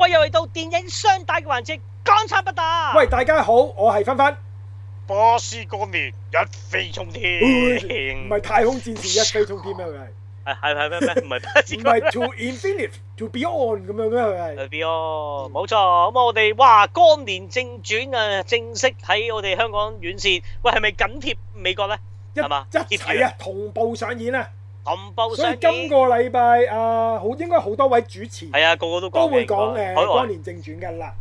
喂，又嚟到電影雙打嘅環節，港產不打！喂，大家好，我係分分。巴斯光年一飛沖天，唔係 太空戰士一飛沖天咩，啊？佢係係係咩咩？唔係巴斯，唔係 To Infinite To Beyond 咁樣咩？係 Beyond 冇錯。咁啊， 我哋哇，光年正傳啊，正式喺我哋香港院線。喂，係咪緊貼美國咧？係嘛，一貼係啊，同步上演啊！所以今個禮拜啊，好應該好多位主持係啊，個個都都會講誒，光年正傳噶啦，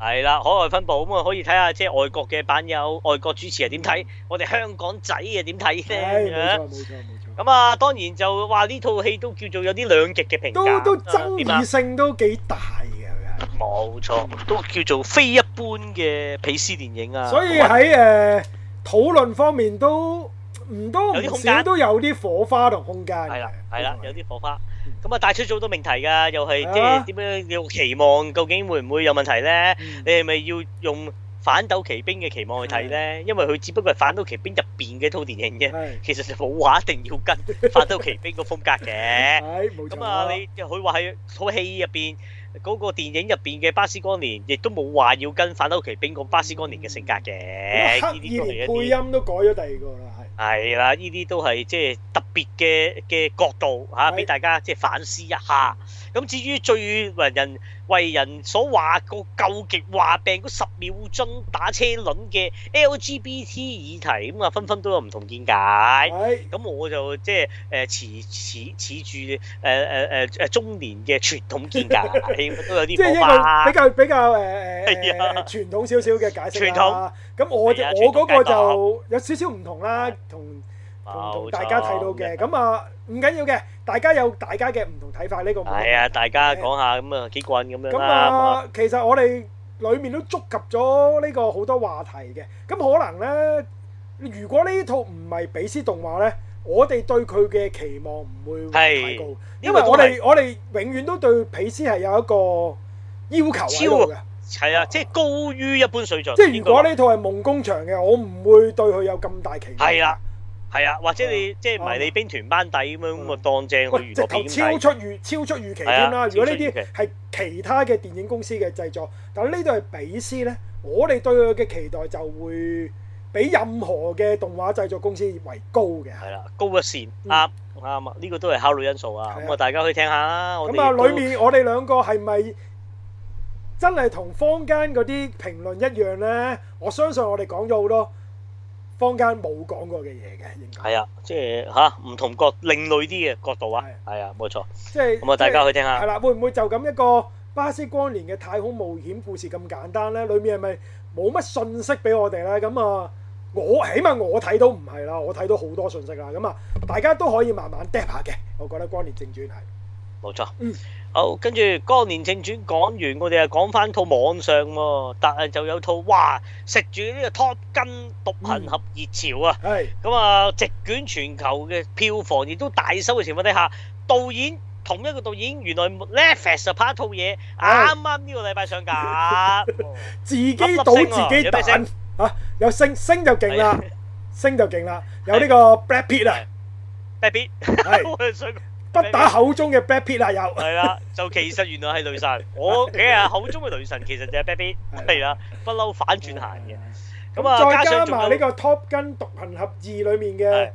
係啦，海外分布咁啊，可以睇下即係外國嘅版友、外國主持係點睇，我哋香港仔係點睇咧，咁冇錯，冇錯，咁啊，當然就話呢套戲都叫做有啲兩極嘅評價，都都爭議性都幾大嘅。冇錯，都叫做非一般嘅彼思電影啊。所以喺誒討論方面都。唔多唔少都有啲火花同空間。係啦，係啦，有啲火花。咁啊，帶出咗好多命題㗎，又係即係點樣要期望究竟會唔會有問題咧？你係咪要用《反斗奇兵》嘅期望去睇咧？因為佢只不過係《反斗奇兵》入邊嘅一套電影啫。其實就冇話一定要跟《反斗奇兵》個風格嘅。咁啊，你佢話喺套戲入邊嗰個電影入邊嘅巴斯光年，亦都冇話要跟《反斗奇兵》個巴斯光年嘅性格嘅。連配音都改咗第二個啦，係。係啦，呢啲、啊、都係即係特別嘅嘅角度嚇，俾、啊、大家即係反思一下。咁至於最為人為人所話個究極話病嗰十秒鐘打車輪嘅 LGBT 議題，咁、嗯、啊分分都有唔同見解。咁是、啊、我就即係誒、呃、持持持住誒誒誒誒中年嘅傳統見解，都 有啲火花。比較比較誒誒誒傳統少少嘅解釋啦、啊。傳統。咁我、啊、我嗰個就有少少唔同啦。同，同，同大家睇到嘅咁啊，唔緊要嘅，大家有大家嘅唔同睇法呢個問題。係那啊，大家講下咁啊，幾個人咁樣啦。咁啊，其實我哋裏面都觸及咗呢個好多話題嘅。咁可能呢，如果呢套唔係比斯動畫呢，我哋對佢嘅期望唔會太高，的因為我哋我哋永遠都對比斯係有一個要求超度嘅，係啊，即係高於一般水準。即係如果呢套係夢工場嘅，我唔會對佢有咁大期望。係啊的。係啊，或者你、啊、即係唔係你兵團班底咁樣咁啊當正去、嗯啊？直頭超出預超出預期添啦！如果呢啲係其他嘅電影公司嘅製作，但呢度係彼思咧，我哋對佢嘅期待就會比任何嘅動畫製作公司為高嘅。係啦、啊，高一線，啱啱、嗯、啊！呢、啊啊這個都係考慮因素啊。咁啊，大家可以聽，聽下咁啊，嗯、我哋裏面我哋兩個係咪真係同坊間嗰啲評論一樣咧？我相信我哋講咗好多。坊間冇講過嘅嘢嘅，應該係 啊，即係吓，唔同角另類啲嘅角度啊，係啊，冇錯，即係咁啊，大家去聽下係啦、啊，會唔會就咁一個巴斯光年嘅太空冒險故事咁簡單咧？裏面係咪冇乜信息俾我哋咧？咁啊，我起碼我睇到唔係啦，我睇到好多信息啦。咁啊，大家都可以慢慢 d e 下嘅，我覺得光年正傳係冇沒錯，嗯。好，跟住嗰個年正傳講完，我哋又講翻套網上喎，但係就有套哇食住呢個 Top Gun 獨行俠熱潮啊，咁啊席捲全球嘅票房亦都大收嘅情況底下，導演同一個導演原來 Netflix 拍一套嘢，啱啱呢個禮拜上架， 自己倒自己彈嚇，有升升就勁啦，升就勁啦是，有呢個 Black Pit 啊，Black Pit 係。不打口中嘅 Black Pete 啊，又係啦，就其實原來係雷神，我幾日口中嘅雷神其實就係 Black Pete，係啦，不嬲反轉行嘅，咁啊，再加埋呢個 Top Gun 獨行俠2裏面嘅，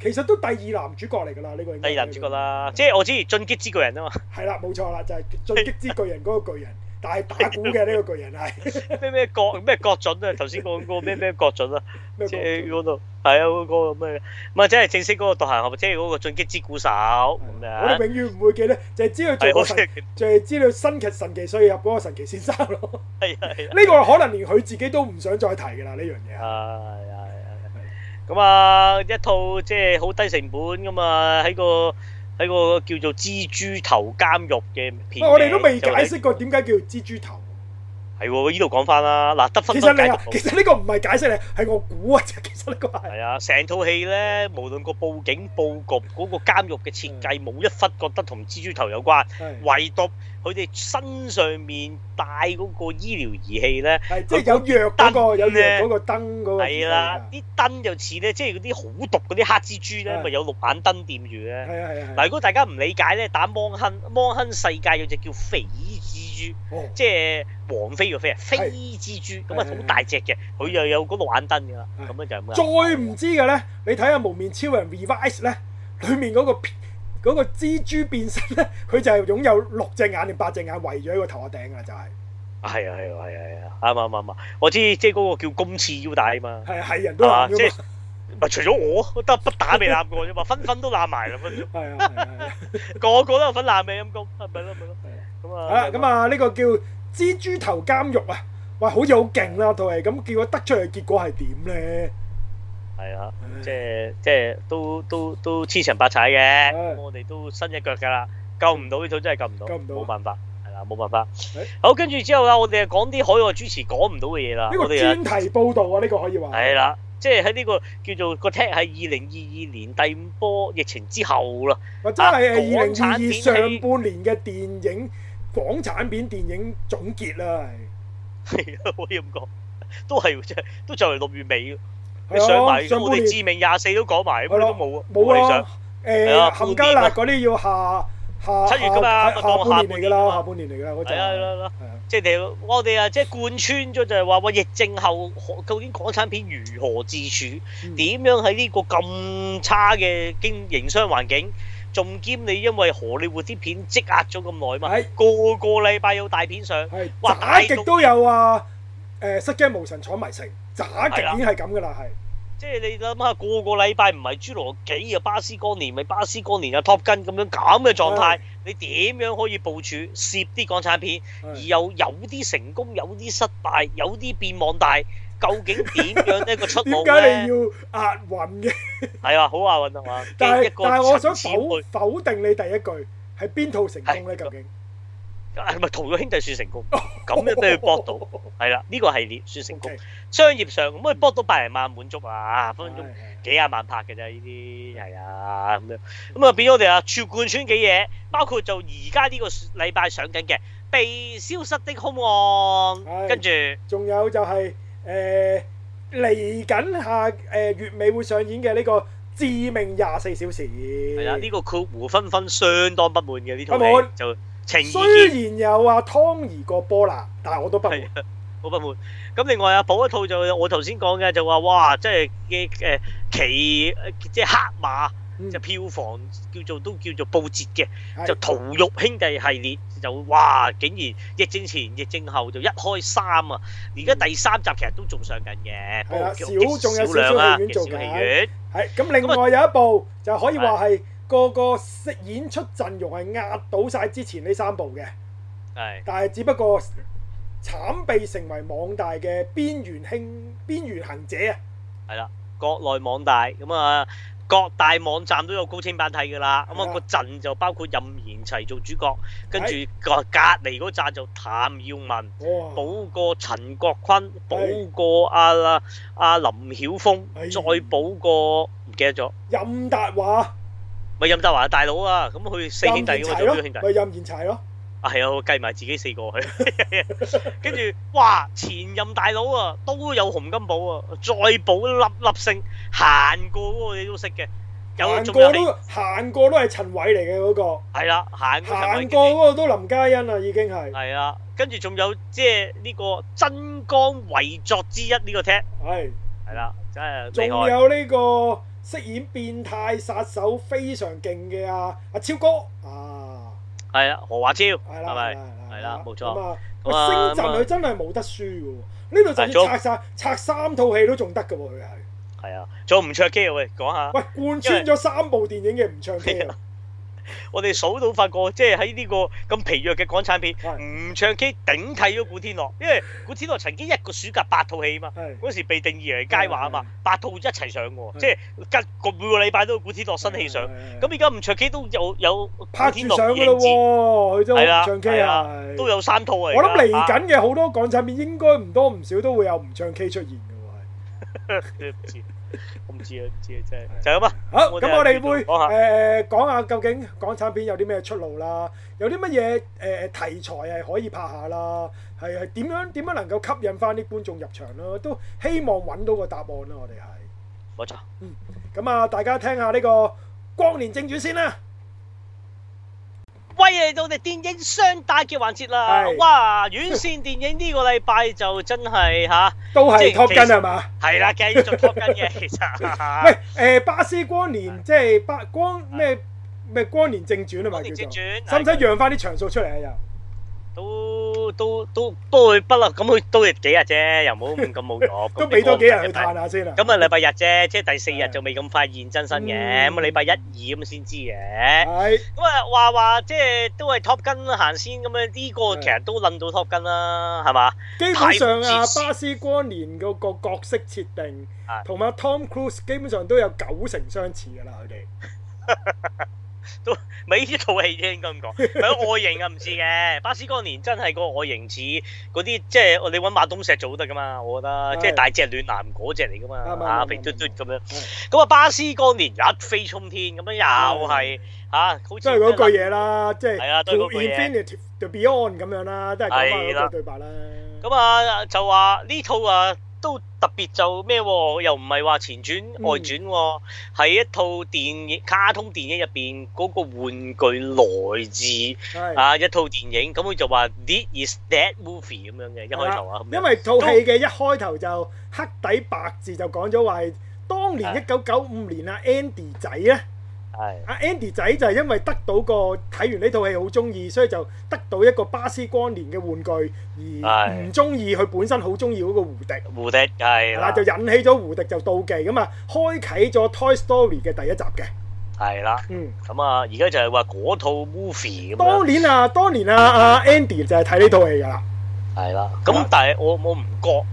其實都第二男主角嚟噶啦，呢個第二男主角啦，即係我知進擊之巨人啊嘛，係啦，冇錯啦，就係進擊之巨人嗰個巨人。大白股嘅呢個巨人係咩咩郭咩郭俊啊？頭先講嗰個咩咩郭俊啊？即係嗰度係啊嗰個咩？唔係即係正式嗰個獨行俠，即係嗰個進擊之鼓手。我哋永遠唔會記得，就係知道做神，就係知道新劇神奇，所以入嗰個神奇先生咯。係係。呢個可能連佢自己都唔想再提噶啦呢樣嘢。係係係。咁啊，一套即係好低成本咁啊，喺個。睇過個叫做蜘蛛頭監獄嘅片，我哋都未解釋過點解叫蜘蛛頭。係喎，依度講翻啦。嗱，得分身解毒。其實呢，其實呢個唔係解釋你係我估啊。其實呢個係。係啊，成套戲咧，無論個佈景佈局嗰個監獄嘅設計，冇一忽覺得同蜘蛛頭有關。唯獨佢哋身上面戴嗰個醫療儀器咧，即係有藥嗰個有藥嗰個燈嗰個。係啦，啲燈就似咧，即係嗰啲好毒嗰啲黑蜘蛛咧，咪有綠眼燈掂住咧。係啊係啊。嗱，如果大家唔理解咧，打芒亨芒亨世界有隻叫肥。即係王飛個飛啊，飛蜘蛛咁啊好大隻嘅，佢又有嗰個眼燈噶啦，咁樣就係咁樣再唔知嘅咧，你睇下無面超人 Revice 咧，裏面嗰、嗰個、嗰個蜘蛛變身咧，佢就係擁有六隻眼定八隻眼圍咗喺個頭個頂噶，就係。係啊係啊係啊係啊，啱唔啱啊？Ne, 我知即係嗰個叫公刺腰帶啊嘛，係啊係人都知，即係咪除咗我得不打未爛過啫嘛， 分分都爛埋啦分，個個都有份爛尾陰功，係咪咯？啊咁啊！呢個叫蜘蛛頭監獄啊，喂，好似好勁啦，同係咁叫果得出嚟嘅結果係點咧？係啊，即係即係都都都千層百踩嘅，我哋都伸一腳噶啦，救唔到呢套真係救唔到，冇辦法，係啦，冇辦法。好，跟住之後啦，我哋啊講啲海外主持講唔到嘅嘢啦。呢個專題報道啊，呢個可以話係啦，即係喺呢個叫做個 test 係二零二二年第五波疫情之後啦。啊，港產片上半年嘅電影。港產片電影總結啦，係係啊，可以咁講，都係即係都就嚟六月尾你上埋我哋致命廿四都講埋，嗰啲都冇啊冇啊，誒冚家爛嗰啲要下下七月㗎嘛，下半年嚟㗎嘛，下半年嚟㗎嘛。係啊係啦係啊，即係我哋啊，即係貫穿咗就係話，喂，疫症後究竟港產片如何自處？點、嗯、樣喺呢個咁差嘅經營商環境？仲兼你因為荷里活啲片積壓咗咁耐嘛，個是個禮拜有大片上，是哇！假極都有啊！誒、嗯，失驚無神，坐埋成假極已經係咁噶啦，係。啊、是即係你諗下，個個禮拜唔係《侏羅紀》啊，《巴斯光年》咪《巴斯光年》啊，《Top Gun》咁樣咁嘅狀態，是你點樣可以部署攝啲港產片，的而又有啲成功，有啲失敗，有啲變望大？究竟點樣呢個出路咧？點解你要押運嘅？係啊，好押運啊嘛。但係但係，我想否否定你第一句，係邊套成功咧？究竟？係咪《逃獄兄弟》算成功，咁樣俾佢博到，係啦。呢個系列算成功。商業上咁啊，博到百零萬滿足啊，分分鐘幾廿萬拍嘅啫。呢啲係啊咁樣。咁啊，畀咗我哋啊，串貫穿幾嘢，包括就而家呢個禮拜上緊嘅《被消失的凶案》，跟住仲有就係。誒嚟緊下誒、呃、月尾會上演嘅呢個《致命廿四小時》。係啊，呢、呢個括弧分分相當不滿嘅呢套戲，嗯、就情義。雖然有阿、啊、湯兒個波啦，但係我都不滿，好不滿。咁另外阿、啊、補一套就我頭先講嘅就話哇，即係嘅誒騎即係黑馬。」就票、嗯、房叫做都叫做報捷嘅，就《逃獄兄弟》系列就會哇，竟然疫症前、疫症後就一開三啊！而家第三集其實都仲上緊嘅，小少少量啊，少戲院。係咁，另外有一部就可以話係個個演出陣容係壓倒晒之前呢三部嘅，係的，但係只不過慘被成為網大嘅邊緣興邊緣行者啊！係啦，國內網大咁啊～各大網站都有高清版睇㗎啦，咁啊個陣就包括任賢齊做主角，跟住個隔離嗰扎就譚耀文，啊、補過陳國坤，補過阿、啊、阿、啊、林曉峰，啊、再補過唔記得咗。任達華咪任達華大佬啊，咁佢四兄弟㗎嘛，做表兄弟任賢齊咯。啊係啊，我計埋自己四個去。 跟住哇前任大佬啊都有洪金寶啊，再補粒粒勝行過嗰個你都識嘅，行過都行過都係陳偉嚟嘅嗰個，係啦行過嗰個都林嘉欣啊已經係，係啦跟住仲有即係呢個真光遺作之一呢個踢，係係啦真係仲有呢個飾演變態殺手非常勁嘅啊阿超哥啊。係啊，何華超係啦，係咪係啦，冇錯。咁啊，星陣佢真係冇得輸嘅喎，呢度就算拆晒，拆三套戲都仲得嘅喎，佢係。係啊，仲唔唱 K 嘅啊喂，講下。喂，貫穿咗三部電影嘅唔唱 K 嘅。我哋數到發覺，即係喺呢個咁疲弱嘅港產片，吳的唱 K 頂替咗古天樂，因為古天樂曾經一個暑假八套戲啊嘛，嗰的時被定義為佳話啊嘛，的八套一齊上嘅，的即係吉個每個禮拜都有古天樂新戲上，咁而家吳唱 K 都有有拍片上嘅咯，佢都、啊、唱 K 啊，都有三套啊，我諗嚟緊嘅好多港產片應該唔多唔少都會有吳唱 K 出現嘅喎。 我唔知啊，唔知啊，真係就咁啊。好，咁我哋會誒講下究竟港產片有啲咩出路啦，有啲乜嘢誒題材係可以拍下啦，係係點樣點樣能夠吸引翻啲觀眾入場囉。都希望揾到個答案囉。我哋係冇錯，嗯，咁啊，大家聽下呢個《光年正傳》先啦。威嚟到我哋電影雙大嘅環節啦！哇，院線電影呢個禮拜就真係吓，都係拖緊係嘛？係啦，繼續拖緊嘅，其實喂，誒，巴斯光年即係八光咩咩光年正傳啊嘛，正傳使唔使讓翻啲場數出嚟啊？又都。都都不過不嬲咁佢都係幾日啫，又冇咁冇咗，都俾多幾日去盼下先啊！咁啊禮拜日啫，即係第四日就未咁發現真身嘅，咁啊禮拜一二咁先知嘅。咁啊話話即係都係 Top 跟行先咁啊呢個其實都諗到 Top 跟啦，係嘛？基本上啊，巴斯光年個個角色設定同埋 Tom Cruise 基本上都有九成相似噶啦，佢哋。都咪呢套戲啫，應該咁講。佢外形啊唔似嘅，巴斯光年真係個外形似嗰啲，即係你揾馬東石做得噶嘛，我覺得。是 即係大隻暖男嗰隻嚟噶嘛，啊肥嘟嘟咁樣。咁啊，嗯、巴斯光年一、啊、飛沖天咁樣，又係吓，好似即嗰句嘢啦，即係。係啊，對嗰句嘢。To infinity and beyond 咁樣啦，都係講翻對白啦。咁啊、嗯，就話呢套啊。都特別就咩喎、哦？又唔係話前傳、哦、外傳喎，係一套電影、卡通電影入邊嗰個玩具來自是啊，啊一套電影，咁、嗯、佢就話 This is that movie 咁樣嘅是、啊、一開頭啊，因為套戲嘅一開頭就黑底白字就講咗話係當年一九九五年啊，是啊 Andy 仔咧。係阿 Andy 仔就係因為得到個，睇完呢套戲好中意，所以就得到一個巴斯光年嘅玩具，而唔中意佢本身好中意嗰個胡迪。胡迪係，就引起咗胡迪就妒忌咁啊，開啟咗 Toy Story 嘅第一集嘅。係啦的，嗯，咁啊，而家就係話嗰套 movie。當年啊，當年啊，阿 Andy 就係睇呢套戲噶啦。係啦，咁的但係我我唔覺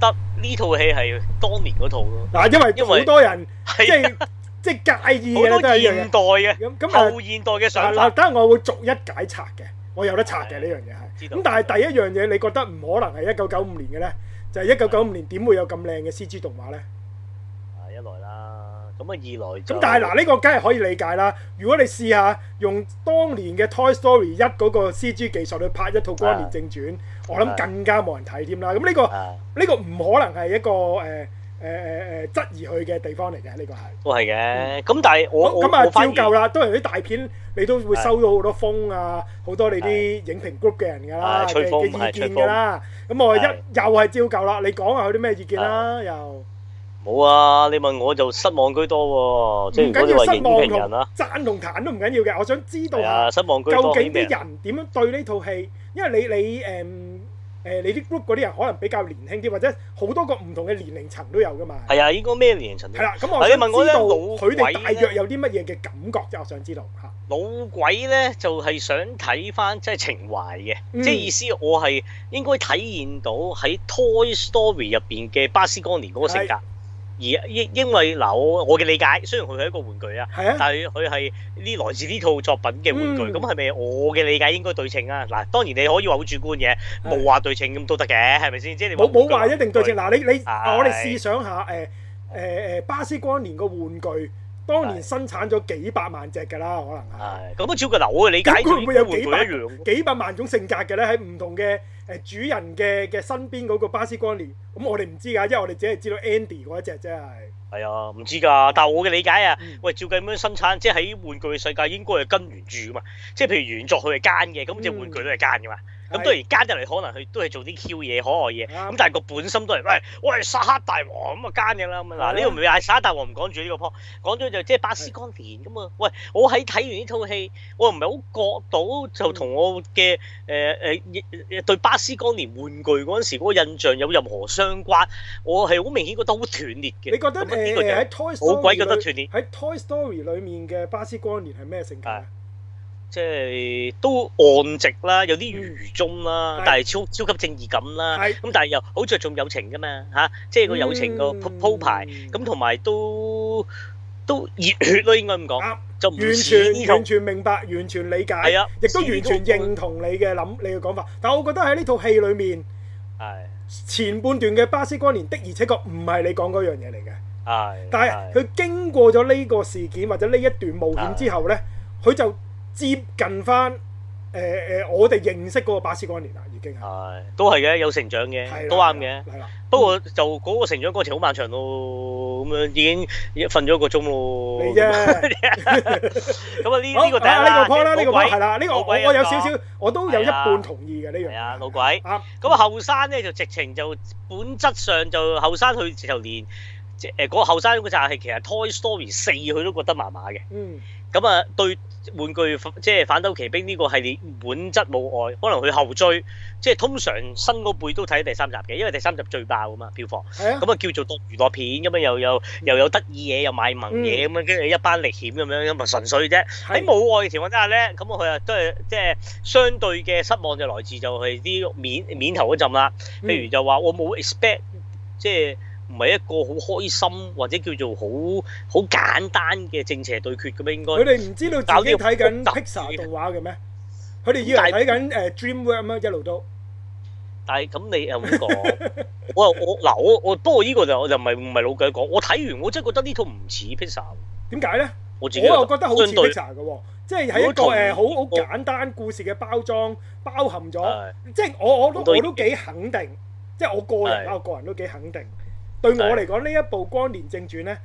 得呢套戲係當年嗰套咯。嗱，因為因為好多人即係是。 即係介意嘅咧，都係現代嘅咁咁啊，後現代嘅想法。嗱，等下我會逐一解拆嘅，我有得拆嘅呢樣嘢係。知道。咁但係第一樣嘢，你覺得唔可能係一九九五年嘅咧？就係一九九五年點會有咁靚嘅 CG 動畫咧？啊，一來啦，咁啊二來咁。但係嗱，呢、啊呢個梗係可以理解啦。如果你試下用當年嘅 Toy Story 一嗰個 CG 技術去拍一套《光年正傳》的，我諗更加冇人睇添啦。咁呢的、呢個呢的個唔可能係一個誒。呃誒誒誒，質疑佢嘅地方嚟嘅呢個係，都係嘅。咁但係我我咁啊，照舊啦，都係啲大片，你都會收到好多風啊，好多你啲影評 group 嘅人噶啦嘅意見噶啦。咁我一又係照舊啦，你講下佢啲咩意見啦又。冇啊，你問我就失望居多喎，最緊要失望評人啊，讚同彈都唔緊要嘅。我想知道啊，究竟啲人點樣對呢套戲？因為你你誒。誒、呃，你啲 group 嗰啲人可能比較年輕啲，或者好多個唔同嘅年齡層都有噶嘛？係啊，應該咩年齡層？係啦，咁、嗯、我想知道佢哋大約有啲乜嘢嘅感覺，即我想知道嚇。老鬼咧，就係、是、想睇翻即係情懷嘅，嗯、即係意思我係應該體現到喺 Toy Story 入邊嘅巴斯光年嗰個性格。而因因為嗱，我我嘅理解，雖然佢係一個玩具啊，但係佢係呢來自呢套作品嘅玩具，咁係咪我嘅理解應該對稱啊？嗱，當然你可以話好主觀嘅，冇話是、啊、對稱咁都得嘅，係咪先？即係你冇冇話一定對稱嗱是、啊？你你是、啊、我哋試想下誒誒誒巴斯光年個玩具。當年生產咗幾百萬隻㗎啦，可能係咁都照計我嘅理解，咁會唔會有玩具一樣幾百幾百萬種性格嘅呢？喺唔同嘅誒、呃、主人嘅嘅身邊嗰個巴斯光年，咁我哋唔知㗎，因為我哋只係知道 Andy 嗰一隻啫係。係啊、嗯，唔知㗎，但係我嘅理解啊，喂，照計咁樣生產，即係喺玩具嘅世界，應該係跟原著㗎嘛。即係譬如原作佢係奸嘅，咁隻玩具都係奸㗎嘛。咁當然奸入嚟可能佢都係做啲 Q 嘢可愛嘢，咁、啊、但係個本心都係喂喂係沙克大王咁啊奸嘅啦。嗱呢度唔係沙克大王唔講住呢個鋪，講咗就即係巴斯光年㗎嘛。是喂，我喺睇完呢套戲，我又唔係好覺到就同我嘅誒誒對巴斯光年玩具嗰陣時嗰個印象有任何相關。我係好明顯覺得好斷裂嘅。你覺得誒喺 Toy Story 好鬼覺得斷裂？喺 Toy Story 裡面嘅巴斯光年係咩性格？即係都戇直啦，有啲愚忠啦，是的 但係超超級正義感啦，咁是的 但係又好着重友情噶嘛嚇、啊，即係個友情個鋪、嗯、鋪排咁，同埋都都熱血咯，應該咁講，啊、就、這個、完全完全明白，完全理解，係啊的，亦都完全認同你嘅諗，你嘅講法。但係我覺得喺呢套戲裏面，係的前半段嘅巴斯光年的，而的，的，而且確唔係你講嗰樣嘢嚟嘅，係的，但係佢經過咗呢個事件或者呢一段冒險之後咧，佢就的。接近翻誒誒，我哋認識嗰個巴斯光年啦，已經係都係嘅，有成長嘅，都啱嘅。不過就嗰個成長過程好漫長咯，咁樣已經瞓咗一個鐘咯。咁啊呢呢個第一，呢個位係啦，呢個我我有少少，我都有一半同意嘅呢樣。係啊，老鬼咁啊後生咧就直情就本質上就後生，佢就連即誒嗰個後生嗰集係其實 Toy Story 四佢都覺得麻麻嘅。嗯。咁啊，對玩具即係、就是、反斗奇兵呢個系列本質冇愛，可能佢後追，即、就、係、是、通常新個輩都睇第三集嘅，因為第三集最爆啊嘛，票房。咁啊的叫做當娛樂片咁啊，又有、嗯、又有得意嘢，又賣萌嘢咁樣，跟住、嗯、一班歷險咁樣，咁啊純粹啫。喺冇的愛嘅情況之下咧，咁我佢啊都係即係相對嘅失望，就來自就係啲面面頭嗰陣啦。譬、嗯、如就話我冇 expect，即係。就是唔係一個好開心或者叫做好好簡單嘅正邪對決嘅咩？應該佢哋唔知道已經睇緊 Pixar 動畫嘅咩？佢哋以為睇緊誒 Dreamwork 一路都。但係咁你又點講？我我嗱我我，不過呢個就我就唔係唔係老鬼講。我睇完我真係覺得呢套唔似 Pixar。點解咧？我自己我又覺得好似 Pixar 嘅，即係喺一個誒好好簡單故事嘅包裝，包含咗，即係我我都我都幾肯定，即係我個人我個人都幾肯定。對我嚟講，呢是的 一部《光年正傳》呢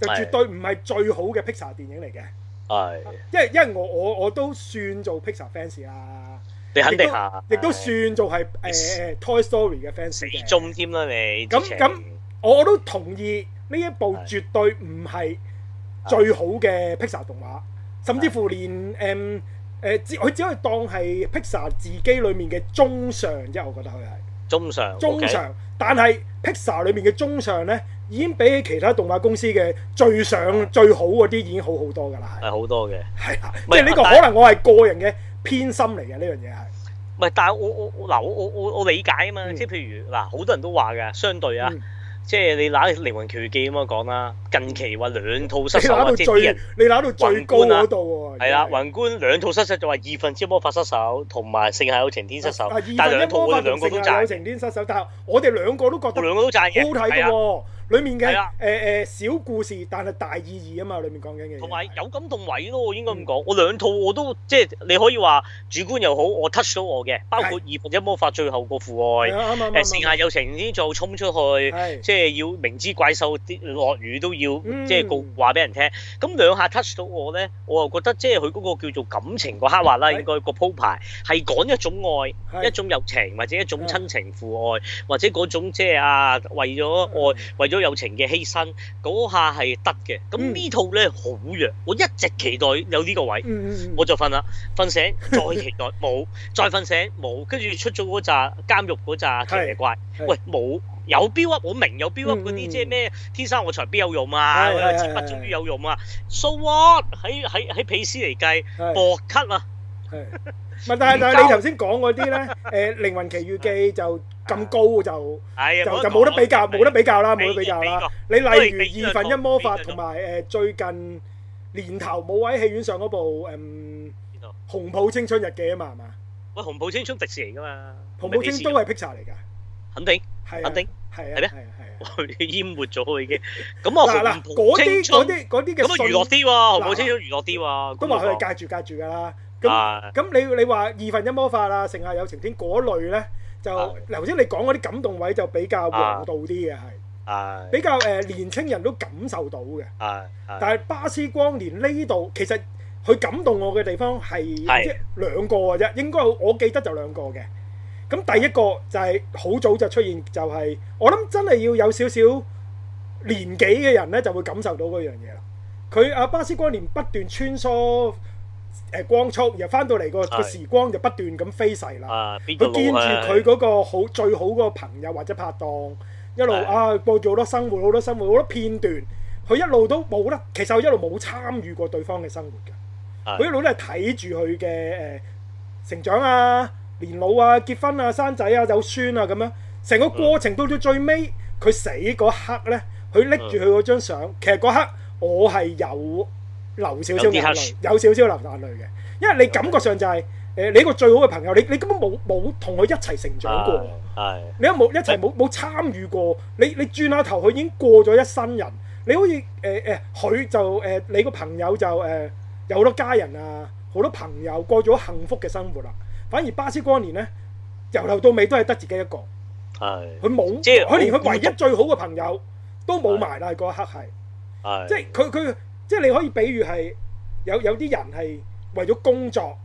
咧，是的 就絕對唔係最好嘅 Pixar 電影嚟嘅。係是的，因為因為我我我都算做 Pixar fans 啊，你肯定亦都算做係誒的、呃、Toy Story 嘅 fans 嘅的。的中添啦、啊，你咁咁，我都同意呢一部絕對唔係最好嘅 Pixar 動畫，是的 甚至乎連誒誒，佢、呃呃、只可以當係 Pixar 自己裏面嘅中上，即係我覺得佢係。中上，Okay? 中上，但係 Pixar 裏面嘅中上咧，已經比起其他動畫公司嘅最上最好嗰啲，已經好好多㗎喇，係好多嘅，係啊嗎，是即係呢個是可能我係個人嘅偏心嚟嘅呢樣嘢係。唔、這、係、個，但係我我嗱我我我我理解啊嘛，即係、嗯、譬如嗱，好多人都話嘅，相對啊。嗯即係你攞《靈魂奇遇記》咁樣講啦，近期話兩套失手，即啲人你攞到最高嗰度喎。係啦是，宏觀兩套失失就話二分之魔法失手，同埋剩下有晴天失手、啊。但係兩套我哋兩個都賺嘅。好睇嘅喎。裏面嘅係啊，誒誒小故事，但係大意義啊嘛！裡面講緊嘅，同埋有感動位咯，我應該咁講。我兩套我都即係你可以話主觀又好，我 touch 到我嘅，包括《二分一魔法》最後個父愛，誒《線下有情》先就衝出去，即係要明知怪獸跌落雨都要，即係告話俾人聽。咁兩下 touch 到我咧，我又覺得即係佢嗰個叫做感情個刻畫啦，應該個鋪排係講一種愛，一種友情或者一種親情父愛，或者嗰種即係啊為咗愛為。友情嘅犧牲，嗰下係得嘅。咁呢套咧好弱，我一直期待有呢個位，我就瞓啦，瞓醒再期待冇，再瞓醒冇，跟住出咗嗰扎監獄嗰扎奇奇怪，喂冇有標啊！Up, 我明有標 Up！嗰啲、嗯、即係咩天生我材必有用啊？錢、哎、呀不終於有用啊、哎、呀？So what？喺喺喺彼思嚟計薄級啊！唔係，但係但係你頭先講嗰啲咧，誒《靈魂奇遇記》就咁高就就就冇得比較，冇得比較啦，冇得比較啦。你例如二分一魔法同埋誒最近年頭冇喺戲院上嗰部誒《紅埔青春日記》啊嘛，係嘛？喂，《紅埔青春》迪士尼噶嘛，《紅埔青春》都係劈柴嚟噶，肯定，肯定，係啊？淹沒咗已經。咁我唔紅埔青春，咁啊娛樂啲喎，《紅埔青春》娛樂啲喎，都話佢係介住介住噶啦。咁咁你你話二分一魔法啊，剩下有情天嗰類呢？就頭先、啊、你講嗰啲感動位就比較王道啲嘅係，啊、是比較誒、呃、年青人都感受到嘅。啊啊、但係巴斯光年呢、這、度、個、其實佢感動我嘅地方係兩是個嘅啫，應該我記得就兩個嘅。咁第一個就係好早就出現、就是，就係我諗真係要有少少年紀嘅人呢，就會感受到嗰樣嘢啦。佢阿巴斯光年不斷穿梭。誒，光速又翻到嚟，個個時光就不斷咁飛逝啦。佢、啊、見住佢嗰個好、啊、最好嗰個朋友或者拍檔，一路是的 啊，過咗好多生活，好多生活好多片段。佢一路都冇咧，其實我一路冇參與過對方嘅生活嘅。佢是的 一路都係睇住佢嘅誒成長啊、年老啊、結婚啊、生仔啊、有孫啊咁樣。成個過程到到最尾，佢、嗯、死嗰刻咧，佢拎住佢嗰張相。嗯、其實嗰刻我係有，流少少眼淚，有少少流眼淚嘅，因為你感覺上就係，誒，你個最好嘅朋友，你你根本冇冇同佢一齊成長過，係，你一冇一齊冇冇參與過，你你轉下頭，佢已經過咗一生人，你好似誒誒，佢就誒，你個朋友就誒，有好多家人啊，好多朋友過咗幸福嘅生活啦，反而巴斯光年咧，由頭到尾都係得自己一個，係，佢冇，即佢連佢唯一最好嘅朋友都冇埋啦，嗰一刻係，即係佢佢。即係你可以比喻係有有啲人係為咗工作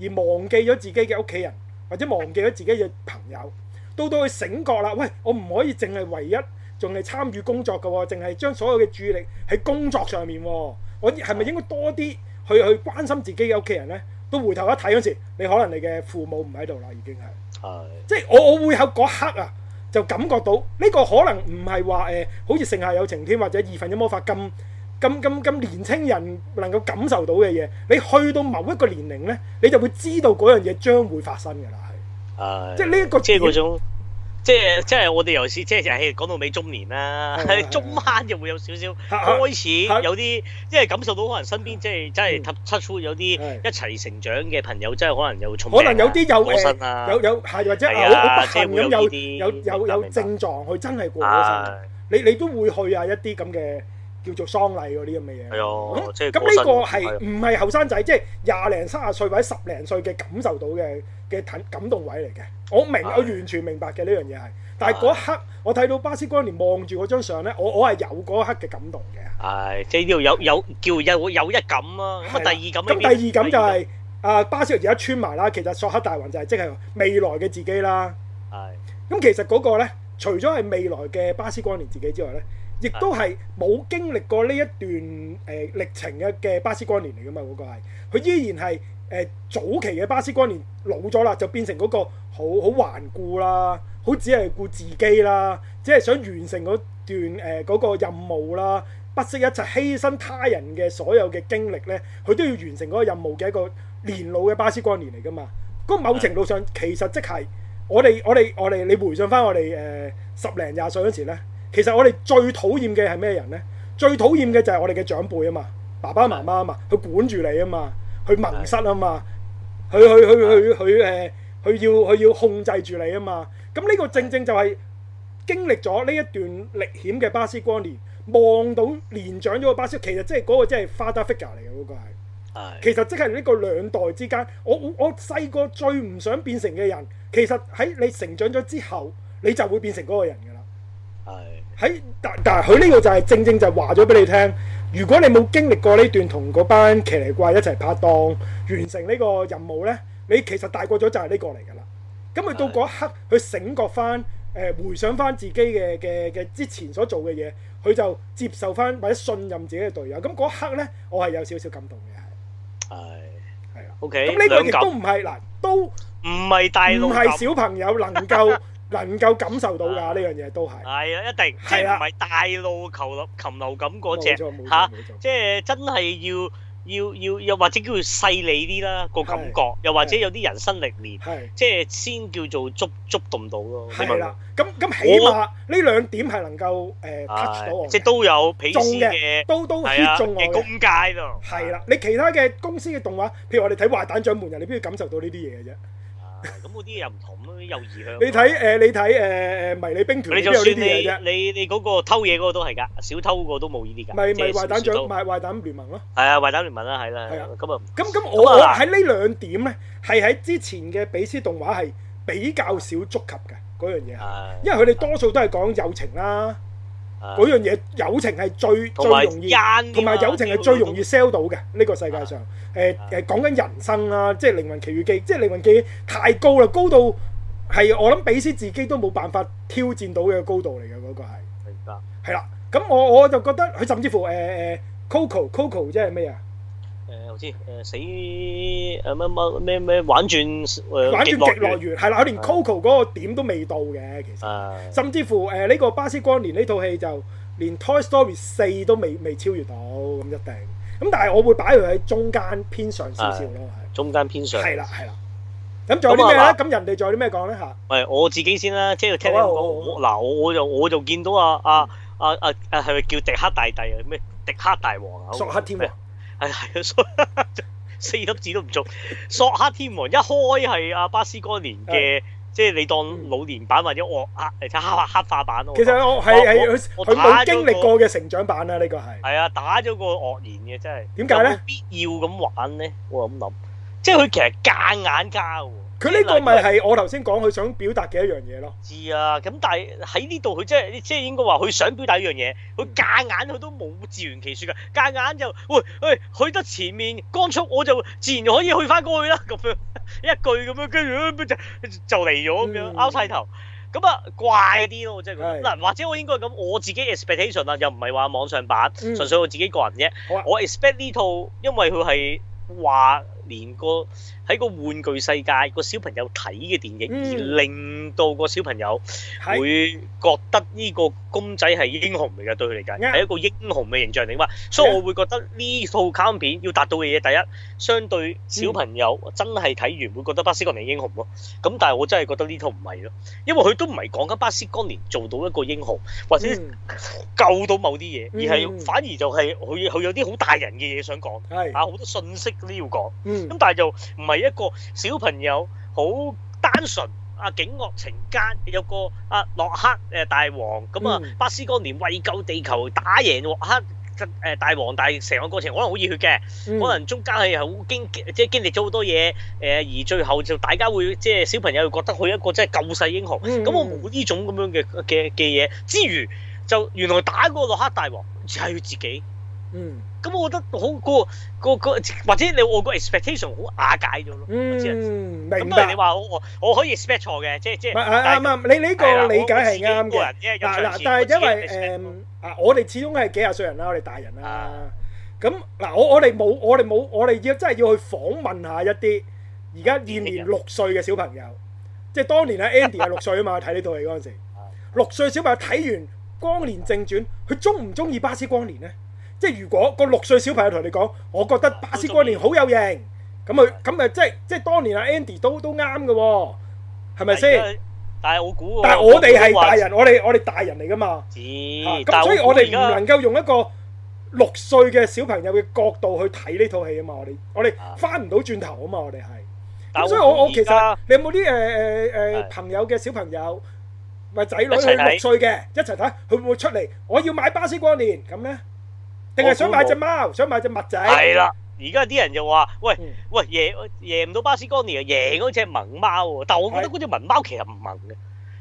而忘記咗自己嘅屋企人，或者忘記咗自己嘅朋友，到到佢醒覺啦！喂，我唔可以淨係唯一，仲係參與工作嘅喎、哦，淨係將所有嘅注意力喺工作上面喎、哦，我係咪應該多啲去去關心自己嘅屋企人呢？都回頭一睇嗰時，你可能你嘅父母唔喺度啦，已經係，的即係我我會喺嗰刻啊，就感覺到呢、這個可能唔係話誒，好似《盛夏友晴天》或者《二分一魔法》咁。咁咁咁年輕人能夠感受到嘅嘢，你去到某一個年齡咧，你就會知道嗰樣嘢將會發生㗎喇，係。即係呢一個即係嗰種即係即係我哋由先即係講到尾中年啦，中間就會有少少開始有啲，即係感受到可能身邊即係即係七七有啲一齊成長嘅朋友，即係可能又從可能有啲又過身啊，有有係或者好不幸咁有有有有症狀，佢真係過咗身。你你都會去啊一啲咁嘅。叫做喪禮嗰啲咁嘅嘢，係哦，咁呢個係唔係後生仔，即係廿零、三十歲或者十零歲嘅感受到嘅嘅感感動位嚟嘅。我明，我完全明白嘅呢樣嘢係。但係嗰一刻，我睇到巴斯光年望住嗰張相咧，我我係有嗰一刻嘅感動嘅。係，即係呢度有有叫有有一感啊。咁啊，第二感咁第二感就係啊，巴斯而家穿埋啦，其實索克大王就係即係未來嘅自己啦。係。咁其實嗰個咧，除咗係未來嘅巴斯光年自己之外咧。亦都係冇經歷過呢一段誒、呃、歷程嘅嘅巴斯光年嚟㗎嘛，嗰、那個係佢依然係誒、呃、早期嘅巴斯光年老咗啦，就變成嗰個好好頑固啦，好只係顧自己啦，只係想完成嗰段誒嗰、呃那個任務啦，不惜一切犧牲他人嘅所有嘅經歷咧，佢都要完成嗰個任務嘅一個年老嘅巴斯光年嚟㗎嘛。嗰、那個、某程度上其實即係我哋我哋我哋，你回想翻我哋誒、呃、十零廿歲嗰時咧。其實我哋最討厭嘅係咩人呢？最討厭嘅就係我哋嘅長輩啊嘛，爸爸媽媽啊嘛，佢管住你啊嘛，佢矇失啊嘛，佢佢佢佢佢誒，佢要佢要控制住你啊嘛。咁呢個正正就係經歷咗呢一段歷險嘅巴斯光年，望到年長咗嘅巴斯，其實即係嗰個即係 father figure 嚟嘅嗰個係。係。其實即係呢個兩代之間，我我細個最唔想變成嘅人，其實喺你成長咗之後，你就會變成嗰個人噶啦。喺但但佢呢個就係正正就係話咗俾你聽，如果你冇經歷過呢段同嗰班奇嚟怪一齊拍檔完成呢個任務咧，你其實大個咗就係呢個嚟噶啦。咁佢到嗰刻佢醒覺翻，誒回想翻自己嘅嘅嘅之前所做嘅嘢，佢就接受翻或者信任自己嘅隊友。咁嗰刻咧，我係有少少感動嘅，係係係啦。OK，咁呢個亦都唔係嗱，都唔係大唔係小朋友能夠。能夠感受到㗎呢樣嘢都係係啊，一定即係唔係大路求露擒流感嗰隻嚇？即係真係要要要又或者叫佢細膩啲啦個感覺，又或者有啲人生歷練，即係先叫做觸觸動到咯。係啦，咁咁起碼呢兩點係能夠誒 touch 到即係都有彼此嘅都都中嘅公介咯。係啦，你其他嘅公司嘅動畫，譬如我哋睇《壞蛋獎門人》你邊度感受到呢啲嘢嘅啫。咁嗰啲又唔同咯，又異鄉。你睇誒，你睇誒誒迷你兵團，你就算你你你嗰個偷嘢嗰個都係噶，小偷嗰個都冇呢啲噶。咪咪壞蛋長，咪壞蛋聯盟咯。係啊，壞蛋聯盟啦，係啦。係啊，咁啊。咁咁我喺呢兩點咧，係喺之前嘅彼思動畫係比較少觸及嘅嗰樣嘢，因為佢哋多數都係講友情啦。嗰樣嘢友情係最有最容易，同埋友情係最容易 sell 到嘅呢、呢個世界上。誒誒講緊人生啦，即係靈魂奇遇記，即係靈魂記太高啦，高到係我諗彼思自己都冇辦法挑戰到嘅高度嚟嘅嗰個係，明白係啦。咁我我就覺得佢甚至乎誒誒、呃、Coco a, Coco 即係咩啊？誒、呃，死誒，乜乜咩咩玩轉誒，玩轉極樂園係啦，佢、呃、連 Coco 嗰個點都未到嘅，其實，啊、甚至乎誒呢、呃這個巴斯光年呢套戲就連 Toy Story 四都未未超越到咁一定，咁但係我會擺佢喺中間偏上少少咯，中間偏上係啦係啦，咁仲有啲咩咧？咁人哋仲有啲咩講咧吓？喂，我自己先啦、啊，即係聽你講嗱、啊，我我就我就，我就見到啊啊啊啊，係咪、啊啊、叫迪克大帝啊？咩迪克大王啊？索克添啊？係係， 四粒字都唔中。索克天王一開係阿巴斯光年嘅，哎、即係你當老年版或者惡黑黑，黑化版。其實我係係佢冇經歷過嘅成長版啦、啊，呢、這個係。係啊，打咗個惡言嘅，真係。點解咧？有冇必要咁玩咧？我咁諗，即係佢其實假硬交。佢呢個咪係我頭先講佢想表達嘅一樣嘢咯？知啊，咁但係喺呢度佢即係即係應該話佢想表達一樣嘢，佢夾硬佢都冇自圓其說嘅，夾硬就喂喂，去得前面光速我就自然可以去翻過去啦，咁樣一句咁樣跟住就嚟咗咁樣拗晒 t 頭咁啊怪啲咯，即係嗱或者我應該咁我自己 expectation 啦，又唔係話網上版，嗯、純粹我自己個人啫。啊、我 expect 呢套因為佢係話連個。喺個玩具世界個小朋友睇嘅電影，嗯、而令到個小朋友是會覺得呢個公仔係英雄嚟嘅，對佢嚟講係一個英雄嘅形象嚟嘛，嗯、所以我會覺得呢套卡通片要達到嘅嘢，第一，相對小朋友真係睇完、嗯、會覺得巴斯光年英雄咯。咁但係我真係覺得呢套唔係咯，因為佢都唔係講緊巴斯光年做到一個英雄，或者救到某啲嘢，而係反而就係佢佢有啲好大人嘅嘢想講，嗯、啊好多信息都要講。咁但係就唔係。一個小朋友好單純，阿、啊、警惡情奸，有個阿洛、啊、克誒、呃、大王咁啊，巴斯光年為救地球打贏洛克誒、呃、大王，但係成個過程可能好熱血嘅，嗯、可能中間係好經即係經歷咗好多嘢，誒、呃、而最後就大家會即係小朋友會覺得佢一個即係救世英雄，咁、嗯、我冇呢種咁樣嘅嘅嘅嘢，之餘就原來打個洛克大王就係、是、要自己。嗯，咁我覺得好嗰個嗰個或者你我個 expectation 好瓦解咗咯。嗯，明白。咁但係你話我我可以 expect 錯嘅，即即唔係係啱啱。你呢個理解係啱嘅。嗱嗱，但係因為誒啊，我哋始終係幾廿歲人啦，我哋大人啦。咁嗱，我我哋冇我哋冇我哋要真係要去訪問下一啲而家年年六歲嘅小朋友，即係當年啊 Andy 係六歲啊嘛睇呢套戲嗰陣時，六歲小朋友睇完《光年正傳》，佢中唔中意巴斯光年咧？即係如果個六歲小朋友同你講，我覺得巴《巴斯光年》好有型，咁佢咁啊，即係即係當年阿 Andy 都都啱嘅喎，係咪先？但係我估，但係我哋係大人，我哋我哋大人嚟噶嘛？咁所以我哋唔能夠用一個六歲嘅小朋友嘅角度去睇呢套戲啊嘛！我哋我哋翻唔到轉頭啊嘛！我哋係，所以我我其實你有冇啲誒誒誒朋友嘅小朋友咪仔女去六歲嘅，一齊睇佢會出嚟，我要買《巴斯光年》咁咧？定係想買隻貓，想買隻物仔。係啦，而家啲人就話，喂喂，贏贏唔到巴斯光年，贏嗰隻萌貓。但係我覺得嗰隻萌貓其實唔萌嘅，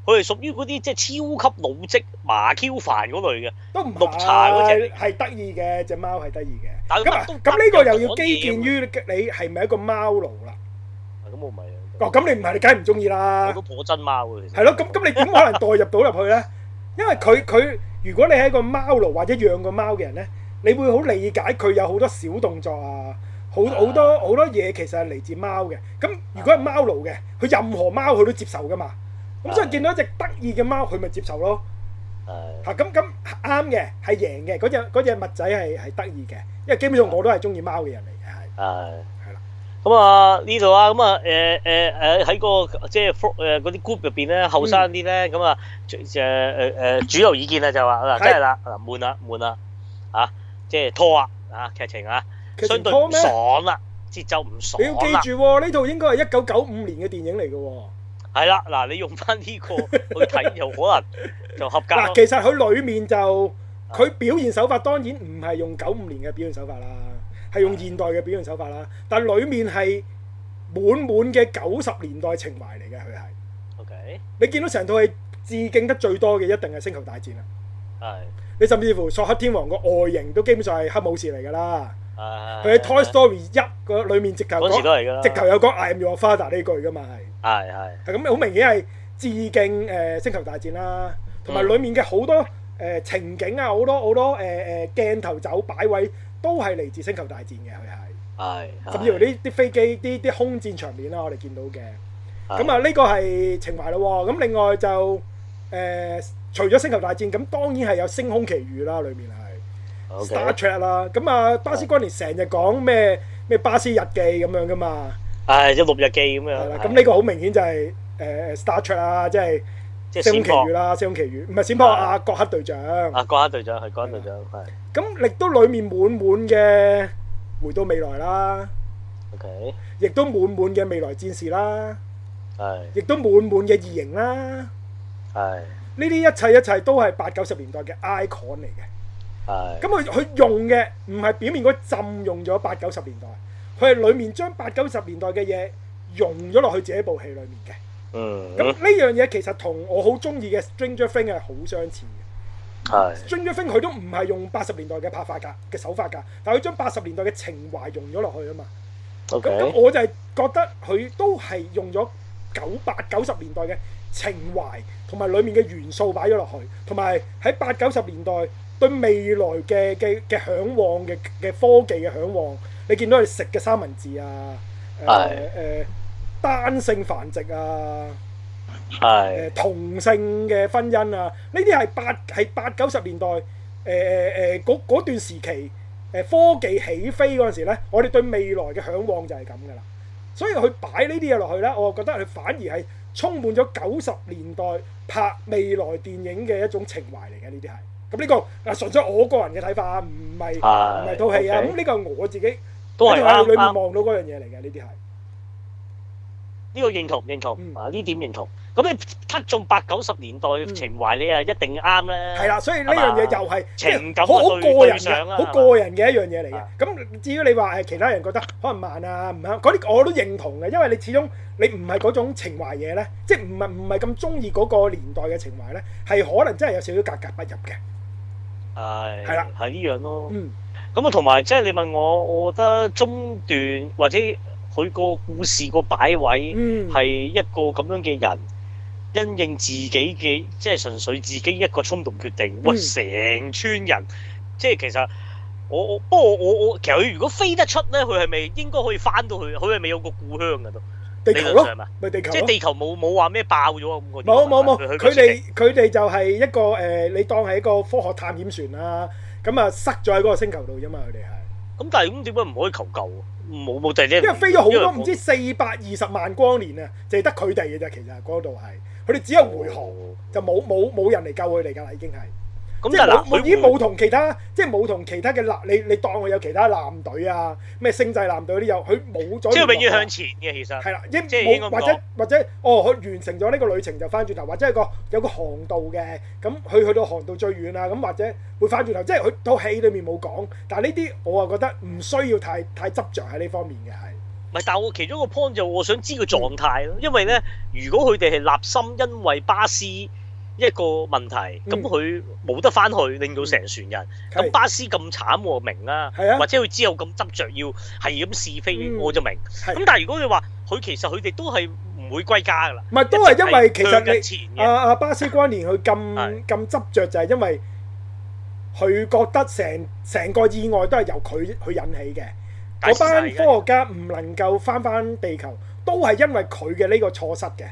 佢係屬於嗰啲即係超級腦積麻 Q 煩嗰類嘅。都唔綠茶嗰隻，係得意嘅隻貓，係得意嘅。咁啊，咁呢個又要基建於你係咪一個貓奴啦？咁我唔係哦，咁你唔係，你梗係唔中意啦。我都破真貓嘅，係咯。咁咁你點可能代入到入去咧？ 因為佢佢，如果你係一個貓奴或者養過貓嘅人咧。你會好理解佢有好多小動作啊，好好多好多嘢其實係嚟自貓嘅。咁如果係貓奴嘅，佢任何貓佢都接受㗎嘛。咁所以見到一隻得意嘅貓，佢咪接受咯。係的。嚇咁咁啱嘅係贏嘅，嗰隻隻物仔係係得意嘅，因為基本上我都係中意貓嘅人嚟嘅。係。係啦的。咁啊呢度啊，咁啊誒誒誒喺個即係誒嗰啲 group 入邊咧後生啲咧，咁啊誒誒誒主流意見啊就話、是、嗱、嗯嗯、真係啦，嗱悶啦悶啦嚇。即係拖啊！啊劇情啊，其實啊拖咩？節爽啦，節奏唔爽。你要記住呢、啊、套、啊、應該係一九九五年嘅電影嚟嘅、啊。係啦，嗱，你用翻呢個去睇，有可能就合格。嗱、啊，其實佢裏面就佢表現手法，當然唔係用九五年嘅表現手法啦，係用現代嘅表現手法啦。但係裏面係滿滿嘅九十年代情懷嚟嘅，佢係。OK，你見到成套戲致敬得最多嘅，一定係星球大戰啦。係。你甚至乎索克天王個外形都基本上係黑武士嚟噶啦，佢喺 Toy Story 一個裏面直頭，直頭有講 I'm your father 呢句噶嘛係是，係係，係咁好明顯係致敬誒、呃、星球大戰啦，同埋裏面嘅好多誒、呃、情景啊，好多好多誒誒、呃、鏡頭走擺位都係嚟自星球大戰嘅，佢係，係咁甚至乎呢啲啲飛機啲啲空戰場面啦、啊，我哋見到嘅，咁啊呢個係情懷咯喎，咁的另外就誒。呃除咗星球大戰，咁當然係有《星空奇遇》啦，裏面係 Star Trek 啦。咁啊，巴斯光年成日講咩咩巴斯日記咁樣噶嘛？係即六日記咁樣。咁呢個好明顯就係誒 Star Trek 啦，即係《星空奇遇》啦，《星空奇遇》唔係閃破阿國克隊長。阿國克隊長係國克隊長係。咁亦都裏面滿滿嘅回到未來啦。OK。亦都滿滿嘅未來戰士啦。係。亦都滿滿嘅異形啦。係。呢啲一切一切都係八九十年代嘅 icon 嚟嘅。係，咁佢佢用嘅唔係表面嗰陣用咗八九十年代，佢係裡面將八九十年代嘅嘢融咗落去自己部戲裡面嘅，嗯，咁呢樣嘢其實同我好中意嘅 Stranger Things 係好相似嘅、哎，Stranger Things 佢都唔係用八十年代嘅拍法㗎嘅手法㗎，但係佢將八十年代嘅情懷融咗落去啊嘛 OK. 咁我就係覺得佢都係用咗九八九十年代嘅。情懷同埋裏面嘅元素擺咗落去，同埋喺八九十年代對未來嘅嘅嘅向往嘅嘅科技嘅向往，你見到佢食嘅三文治啊，誒、呃、誒的單性繁殖啊，係的同性嘅婚姻啊，呢啲係八係八九十年代誒誒誒嗰段時期誒、呃、科技起飛嗰陣時咧，我哋對未來嘅向往就係咁噶啦，所以佢擺呢啲嘢落去咧，我覺得佢反而係。充滿咗九十年代拍未來電影嘅一種情懷嚟嘅，呢啲係咁呢個嗱，純粹我個人嘅睇法、uh，啊，唔係唔係套戲啊，咁呢個係我自己喺度裏面望到嗰樣嘢嚟嘅，呢啲係。呢個認同唔認同啊？呢點認同？咁你揦中八九十年代情懷，你啊一定啱啦。係啦，所以呢樣嘢又係情感好個人嘅，好個人嘅一樣嘢嚟嘅。咁至於你話係其他人覺得可能慢啊唔啱嗰啲，我都認同嘅，因為你始終你唔係嗰種情懷嘢咧，即係唔係唔係咁中意嗰個年代嘅情懷咧，係可能真係有少少格格不入嘅。係係啦，係呢樣咯。嗯，咁啊，同埋即係你問我，我覺得中段或者。佢個故事個擺位係、嗯、一個咁樣嘅人，因應自己嘅，即係純粹自己一個衝動決定，喂、嗯，成村人。即係其實我我不過我我其實佢如果飛得出咧，佢係咪應該可以翻到去？佢係咪有個故鄉嘅都地球咯，咪地球即係、那個、地球冇冇話咩爆咗啊？冇冇冇，佢哋佢哋就係一個誒、呃，你當係一個科學探險船啦。咁啊，就塞咗喺嗰個星球度啫嘛，佢哋啊。咁但係咁點解唔可以求救啊？冇冇第，因為飛咗好多唔為知四百二十萬光年啊，淨係得佢哋嘅咋，其實嗰度係，佢哋只有只回航，哦、就冇冇冇人嚟救佢哋㗎啦，已經係。即係冇，已經冇同其他，他即係冇同其他嘅艦，你你當佢有其他艦隊啊，咩星際艦隊嗰啲有，有，佢冇咗。即係永遠向前嘅，其實係啦，或者或者哦，佢完成咗呢個旅程就翻轉頭，或者個有個航道嘅，咁佢去到航道最遠啦，啊，咁或者會翻轉頭，即係佢套戲裏面冇講，但係呢啲我啊覺得唔需要太太執着喺呢方面嘅係。唔係，但係我其中一個 point 就我想知個狀態咯，嗯、因為咧，如果佢哋係立心，因為巴斯。一個問題，咁佢冇得翻去，令到成船人咁巴斯咁慘，我明啦。或者佢之後咁執着，要係咁試飛，我就明。咁但係如果你話佢其實佢哋都係唔會歸家噶啦，唔係都係因為其實你巴斯關連佢咁咁執着，就係因為佢覺得成成個意外都係由佢佢引起嘅。嗰班科學家唔能夠翻翻地球，都係因為佢嘅呢個錯失嘅。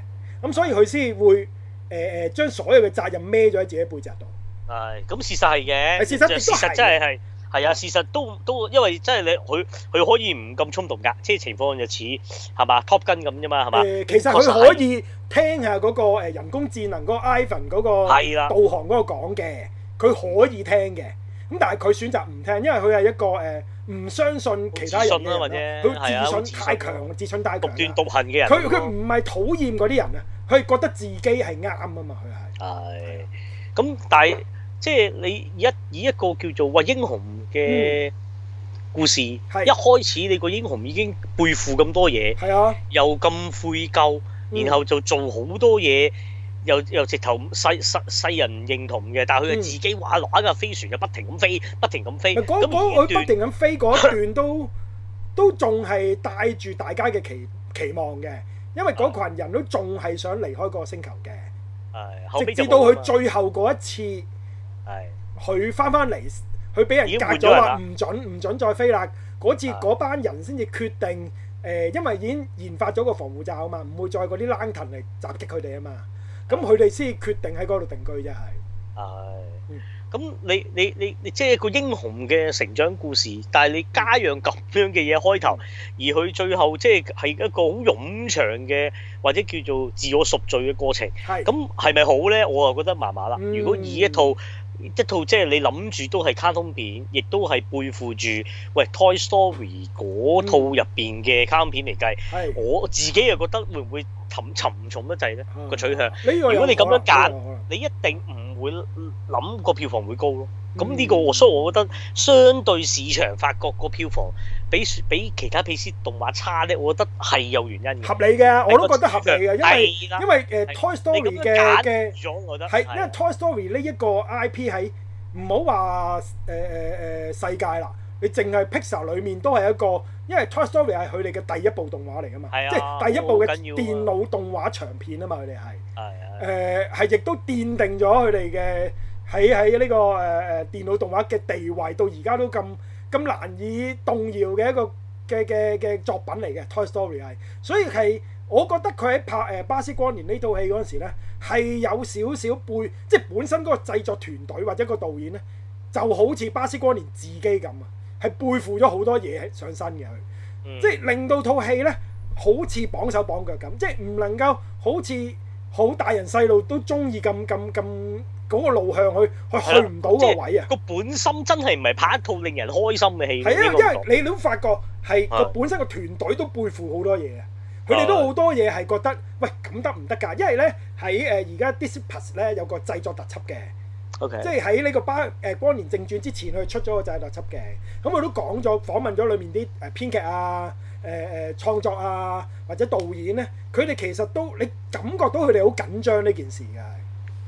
咁所以佢先會。誒誒，將、呃、所有嘅責任孭咗喺自己背脊度。係、哎，咁事實係嘅。事實、嗯、事實真係係係啊，事實都都因為真係你佢佢可以唔咁衝動噶，即、就、係、是、情況就似係嘛 Top 跟咁啫嘛，係嘛？誒、呃，其實佢可以聽下嗰個誒人工智能嗰 iPhone 嗰個係啦導航嗰個講嘅，佢的可以聽嘅。咁但係佢選擇唔聽，因為佢係一個誒唔、呃、相信其他嘢嘅、啊，或者佢自信，自信太強，自信太強，獨斷獨行嘅人。佢佢唔係討厭嗰啲人啊。佢覺得自己係啱啊嘛，佢係。係。咁但係即係你一以一個叫做話英雄嘅故事，嗯、一開始你個英雄已經背負咁多嘢，的又咁悔疚，然後就做好多嘢，嗯，又又直頭世世世人唔認同嘅，但係佢係自己畫畫架飛船就不停咁飛，不停咁飛。嗰嗰不停咁飛嗰一， 一段都都仲係帶住大家嘅期期望嘅。因為嗰群人都仲係想離開個星球嘅，直至到佢最後嗰一次，佢翻返嚟，佢俾人隔咗話唔準唔準再飛啦。嗰次嗰班人先至決定，因為已經研發咗個防護罩啊嘛，唔會再嗰啲冷騰嚟襲擊佢哋啊嘛，咁佢哋先決定喺嗰度定居啫，係。咁你你你你即係一個英雄嘅成長故事，但係你加樣咁樣嘅嘢開頭，嗯、而佢最後即係係一個好冗長嘅或者叫做自我贖罪嘅過程。係咁係咪好咧？我就覺得麻麻啦。嗯、如果以一套一套即係你諗住都係卡通片，亦都係背負住喂 Toy Story 嗰套入邊嘅卡通片嚟計，嗯、我自己又覺得會唔會沉沉重得滯咧個取向？如果你咁樣揀，你一定唔～、嗯嗯嗯嗯嗯會諗個票房會高咯，咁呢、嗯呢個，所以我覺得相對市場發覺個票房比比其他彼思動畫差啲，我覺得係有原因嘅。合理嘅，我都覺得合理嘅，因為的因為誒 Toy Story 嘅嘅係因為的 Toy Story 呢一個 IP 喺唔好話誒誒誒世界啦。你淨係 Pixar 裏面都係一個，因為 Toy Story 係佢哋嘅第一部動畫嚟噶嘛，啊、即係第一部嘅電腦動畫長片啊嘛。佢哋係誒係亦都奠定咗佢哋嘅喺喺呢個誒誒、呃、電腦動畫嘅地位，到而家都咁咁難以動搖嘅一個嘅嘅嘅作品嚟嘅。Toy Story 係，所以係我覺得佢喺拍誒、呃、巴斯光年呢套戲嗰陣時咧，係有少少背，即係本身嗰個製作團隊或者個導演咧，就好似巴斯光年自己咁啊。係背負咗好多嘢喺上身嘅佢，即係令到套戲咧好似綁手綁腳咁，即係唔能夠好似好大人細路都中意咁咁咁嗰個路向去去去唔到個位啊！個本心真係唔係拍一套令人開心嘅戲，係啊，因為你都發覺係個本身個團隊都背負好多嘢嘅，佢哋都好多嘢係覺得喂咁得唔得㗎？因為咧喺誒而家、呃、Disney+ 咧有個製作特輯嘅。Okay. 即係喺呢個《巴誒光年正傳》之前，佢出咗個製作特輯嘅，咁佢都講咗訪問咗裏面啲誒編劇啊、誒、呃、誒創作啊或者導演咧，佢哋其實都你感覺到佢哋好緊張呢件事嘅，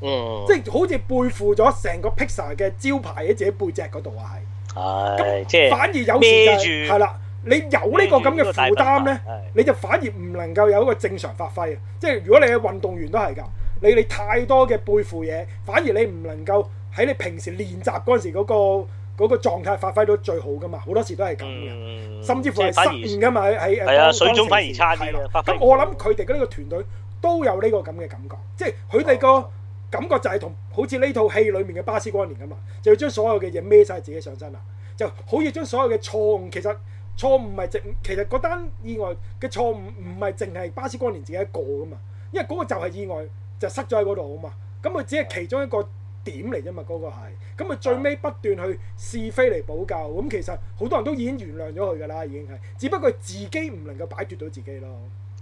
嗯，即係好似背負咗成個 Pixar 嘅招牌喺自己背脊嗰度啊，係、嗯，咁即係反而有時就係、是，係著啦，你有個呢個咁嘅負擔咧，你就反而唔能夠有一個正常發揮，即係如果你係運動員都係噶。你你太多嘅背負嘢，反而你唔能夠喺你平時練習嗰陣時嗰、嗰個嗰、嗰個狀態發揮到最好噶嘛？好多時都係咁嘅，嗯、甚至乎係失誤噶嘛？喺喺當當時係啦。咁了我諗佢哋呢個團隊都有呢個咁嘅感覺，即係佢哋個感覺就係同好似呢套戲裡面嘅巴斯光年咁嘛，就要將所有嘅嘢孭晒自己上身啦，就好似將所有嘅錯誤，其實錯誤唔係淨，其實嗰單意外嘅錯誤唔係淨係巴斯光年自己一個噶嘛，因為嗰個就係意外。就塞咗喺嗰度啊嘛，咁佢只係其中一個點嚟啫嘛。嗰個係咁，佢最尾不斷去試飛嚟補救咁，其實好多人都已經原諒咗佢噶啦，已經係只不過自己唔能夠擺脫到自己咯。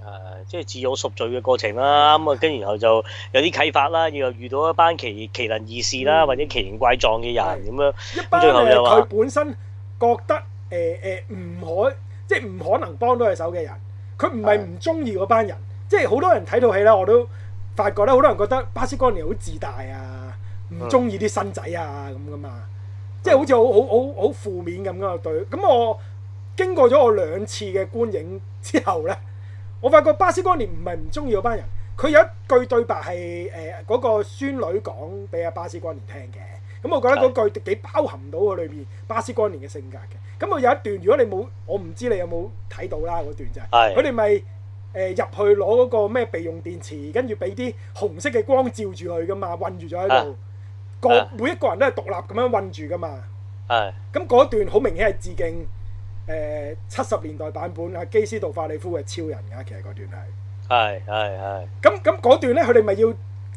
誒，即係自我贖罪嘅過程啦。咁啊，跟然後就有啲啟發啦，然後又遇到一班奇奇人異事啦，或者奇形怪狀嘅人咁樣。一班咧，佢本身覺得誒誒唔可即係唔可能幫到佢手嘅人，佢唔係唔中意嗰班人，即係好多人睇到戲啦，我都。發覺咧，好多人覺得巴斯光年好自大啊，唔中意啲新仔啊咁噶嘛，即係、嗯、好似好好好好負面咁樣對。咁我經過咗我兩次嘅觀影之後呢，我發覺巴斯光年唔係唔中意嗰班人。佢有一句對白係誒嗰個孫女講俾阿巴斯光年聽嘅，咁我覺得嗰句幾包含到佢裏面是的 巴斯光年嘅性格嘅。咁我有一段，如果你冇，我唔知你有冇睇到啦嗰段啫、就係。佢哋咪。誒入去攞嗰個咩備用電池，跟住俾啲紅色嘅光照住佢噶嘛，困住咗喺度。啊、個、啊、每一個人都係獨立咁樣困住噶嘛。係、啊。咁嗰段好明顯係致敬誒七十年代版本阿基斯杜化里夫嘅超人㗎、啊，其實嗰段係。係係係。咁咁嗰段咧，佢哋咪要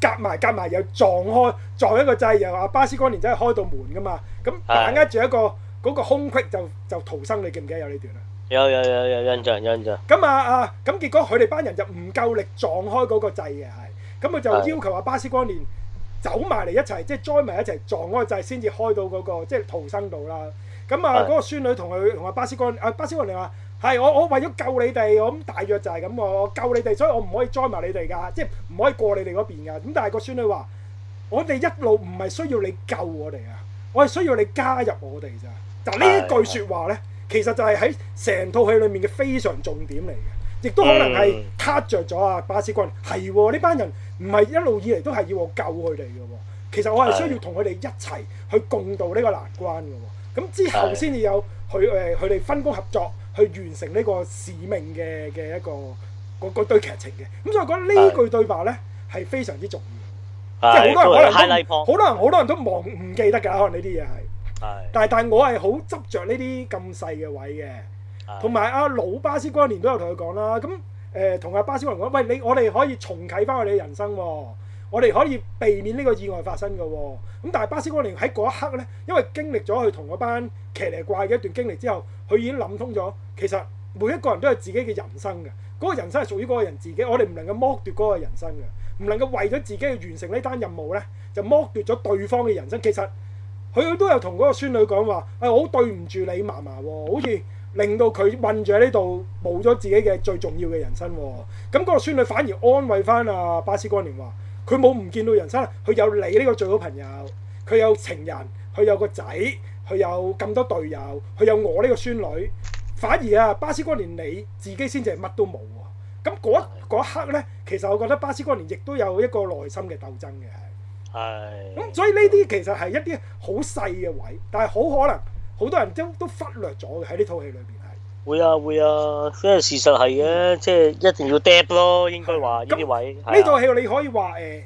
夾埋夾埋又撞開撞一個掣，又話巴斯光年真係開到門㗎嘛。咁把握住一個嗰個空隙就就逃生，你記唔記得有呢段啊？有有有有印象，有印象。咁啊啊，咁結果佢哋班人就唔夠力撞開嗰個掣嘅，係。咁佢就要求阿巴斯光年走埋嚟一齊，即係載埋一齊撞開個掣，先至開到嗰個即係逃生道啦。咁啊，嗰個孫女同佢同阿巴斯光阿巴斯光年話：係我我為咗救你哋，我咁大約就係咁我，救你哋，所以我唔可以載埋你哋噶，即係唔可以過你哋嗰邊噶。咁但係個孫女話：我哋一路唔係需要你救我哋啊，我係需要你加入我哋咋。就呢一句說話咧。其實就係喺成套戲裡面嘅非常重點嚟嘅，亦都可能係卡着咗啊！巴斯軍係喎，呢班人唔係一路以嚟都係要我救佢哋嘅。其實我係需要同佢哋一齊去共度呢個難關嘅。咁、嗯、之後先至有佢誒佢哋分工合作去完成呢個使命嘅嘅一個嗰嗰堆劇情嘅。咁所以我覺得呢句對白呢係、嗯、非常之重要，嗯、即係好多人可能都好、嗯、多人好多人都忘唔記得㗎。可能呢啲嘢係。但係但係我係好執着呢啲咁細嘅位嘅，同埋阿老巴斯光年都有同佢講啦。咁誒，同、呃、阿巴斯光年講，喂，你我哋可以重啟翻我哋嘅人生，哦，我哋可以避免呢個意外發生嘅，哦。咁但係巴斯光年喺嗰一刻呢，因為經歷咗佢同嗰班奇尼怪嘅一段經歷之後，佢已經諗通咗，其實每一個人都有自己嘅人生嘅，嗰、嗰個人生係屬於嗰個人自己，我哋唔能夠剝奪嗰個人生嘅，唔能夠為咗自己去完成呢單任務呢，就剝奪咗對方嘅人生。其實。佢都有同嗰個孫女講話，誒、哎哦，好對唔住你嫲嫲喎，好似令到佢困住喺呢度，冇咗自己嘅最重要嘅人生喎、哦。咁、嗯、嗰、那個孫女反而安慰返阿、啊、巴斯光年話：佢冇唔見到人生，佢有你呢個最好朋友，佢有情人，佢有個仔，佢有咁多隊友，佢有我呢個孫女。反而啊，巴斯光年你自己先至係乜都冇喎、哦。咁、嗯、嗰一刻呢，其實我覺得巴斯光年亦都有一個內心嘅鬥爭嘅。係咁，所以呢啲其實係一啲好細嘅位，但係好可能好多人都都忽略咗嘅喺呢套戲裏邊係。會啊會啊，因為事實係嘅，即係一定要掟咯，應該話呢啲位。呢套戲你可以話誒，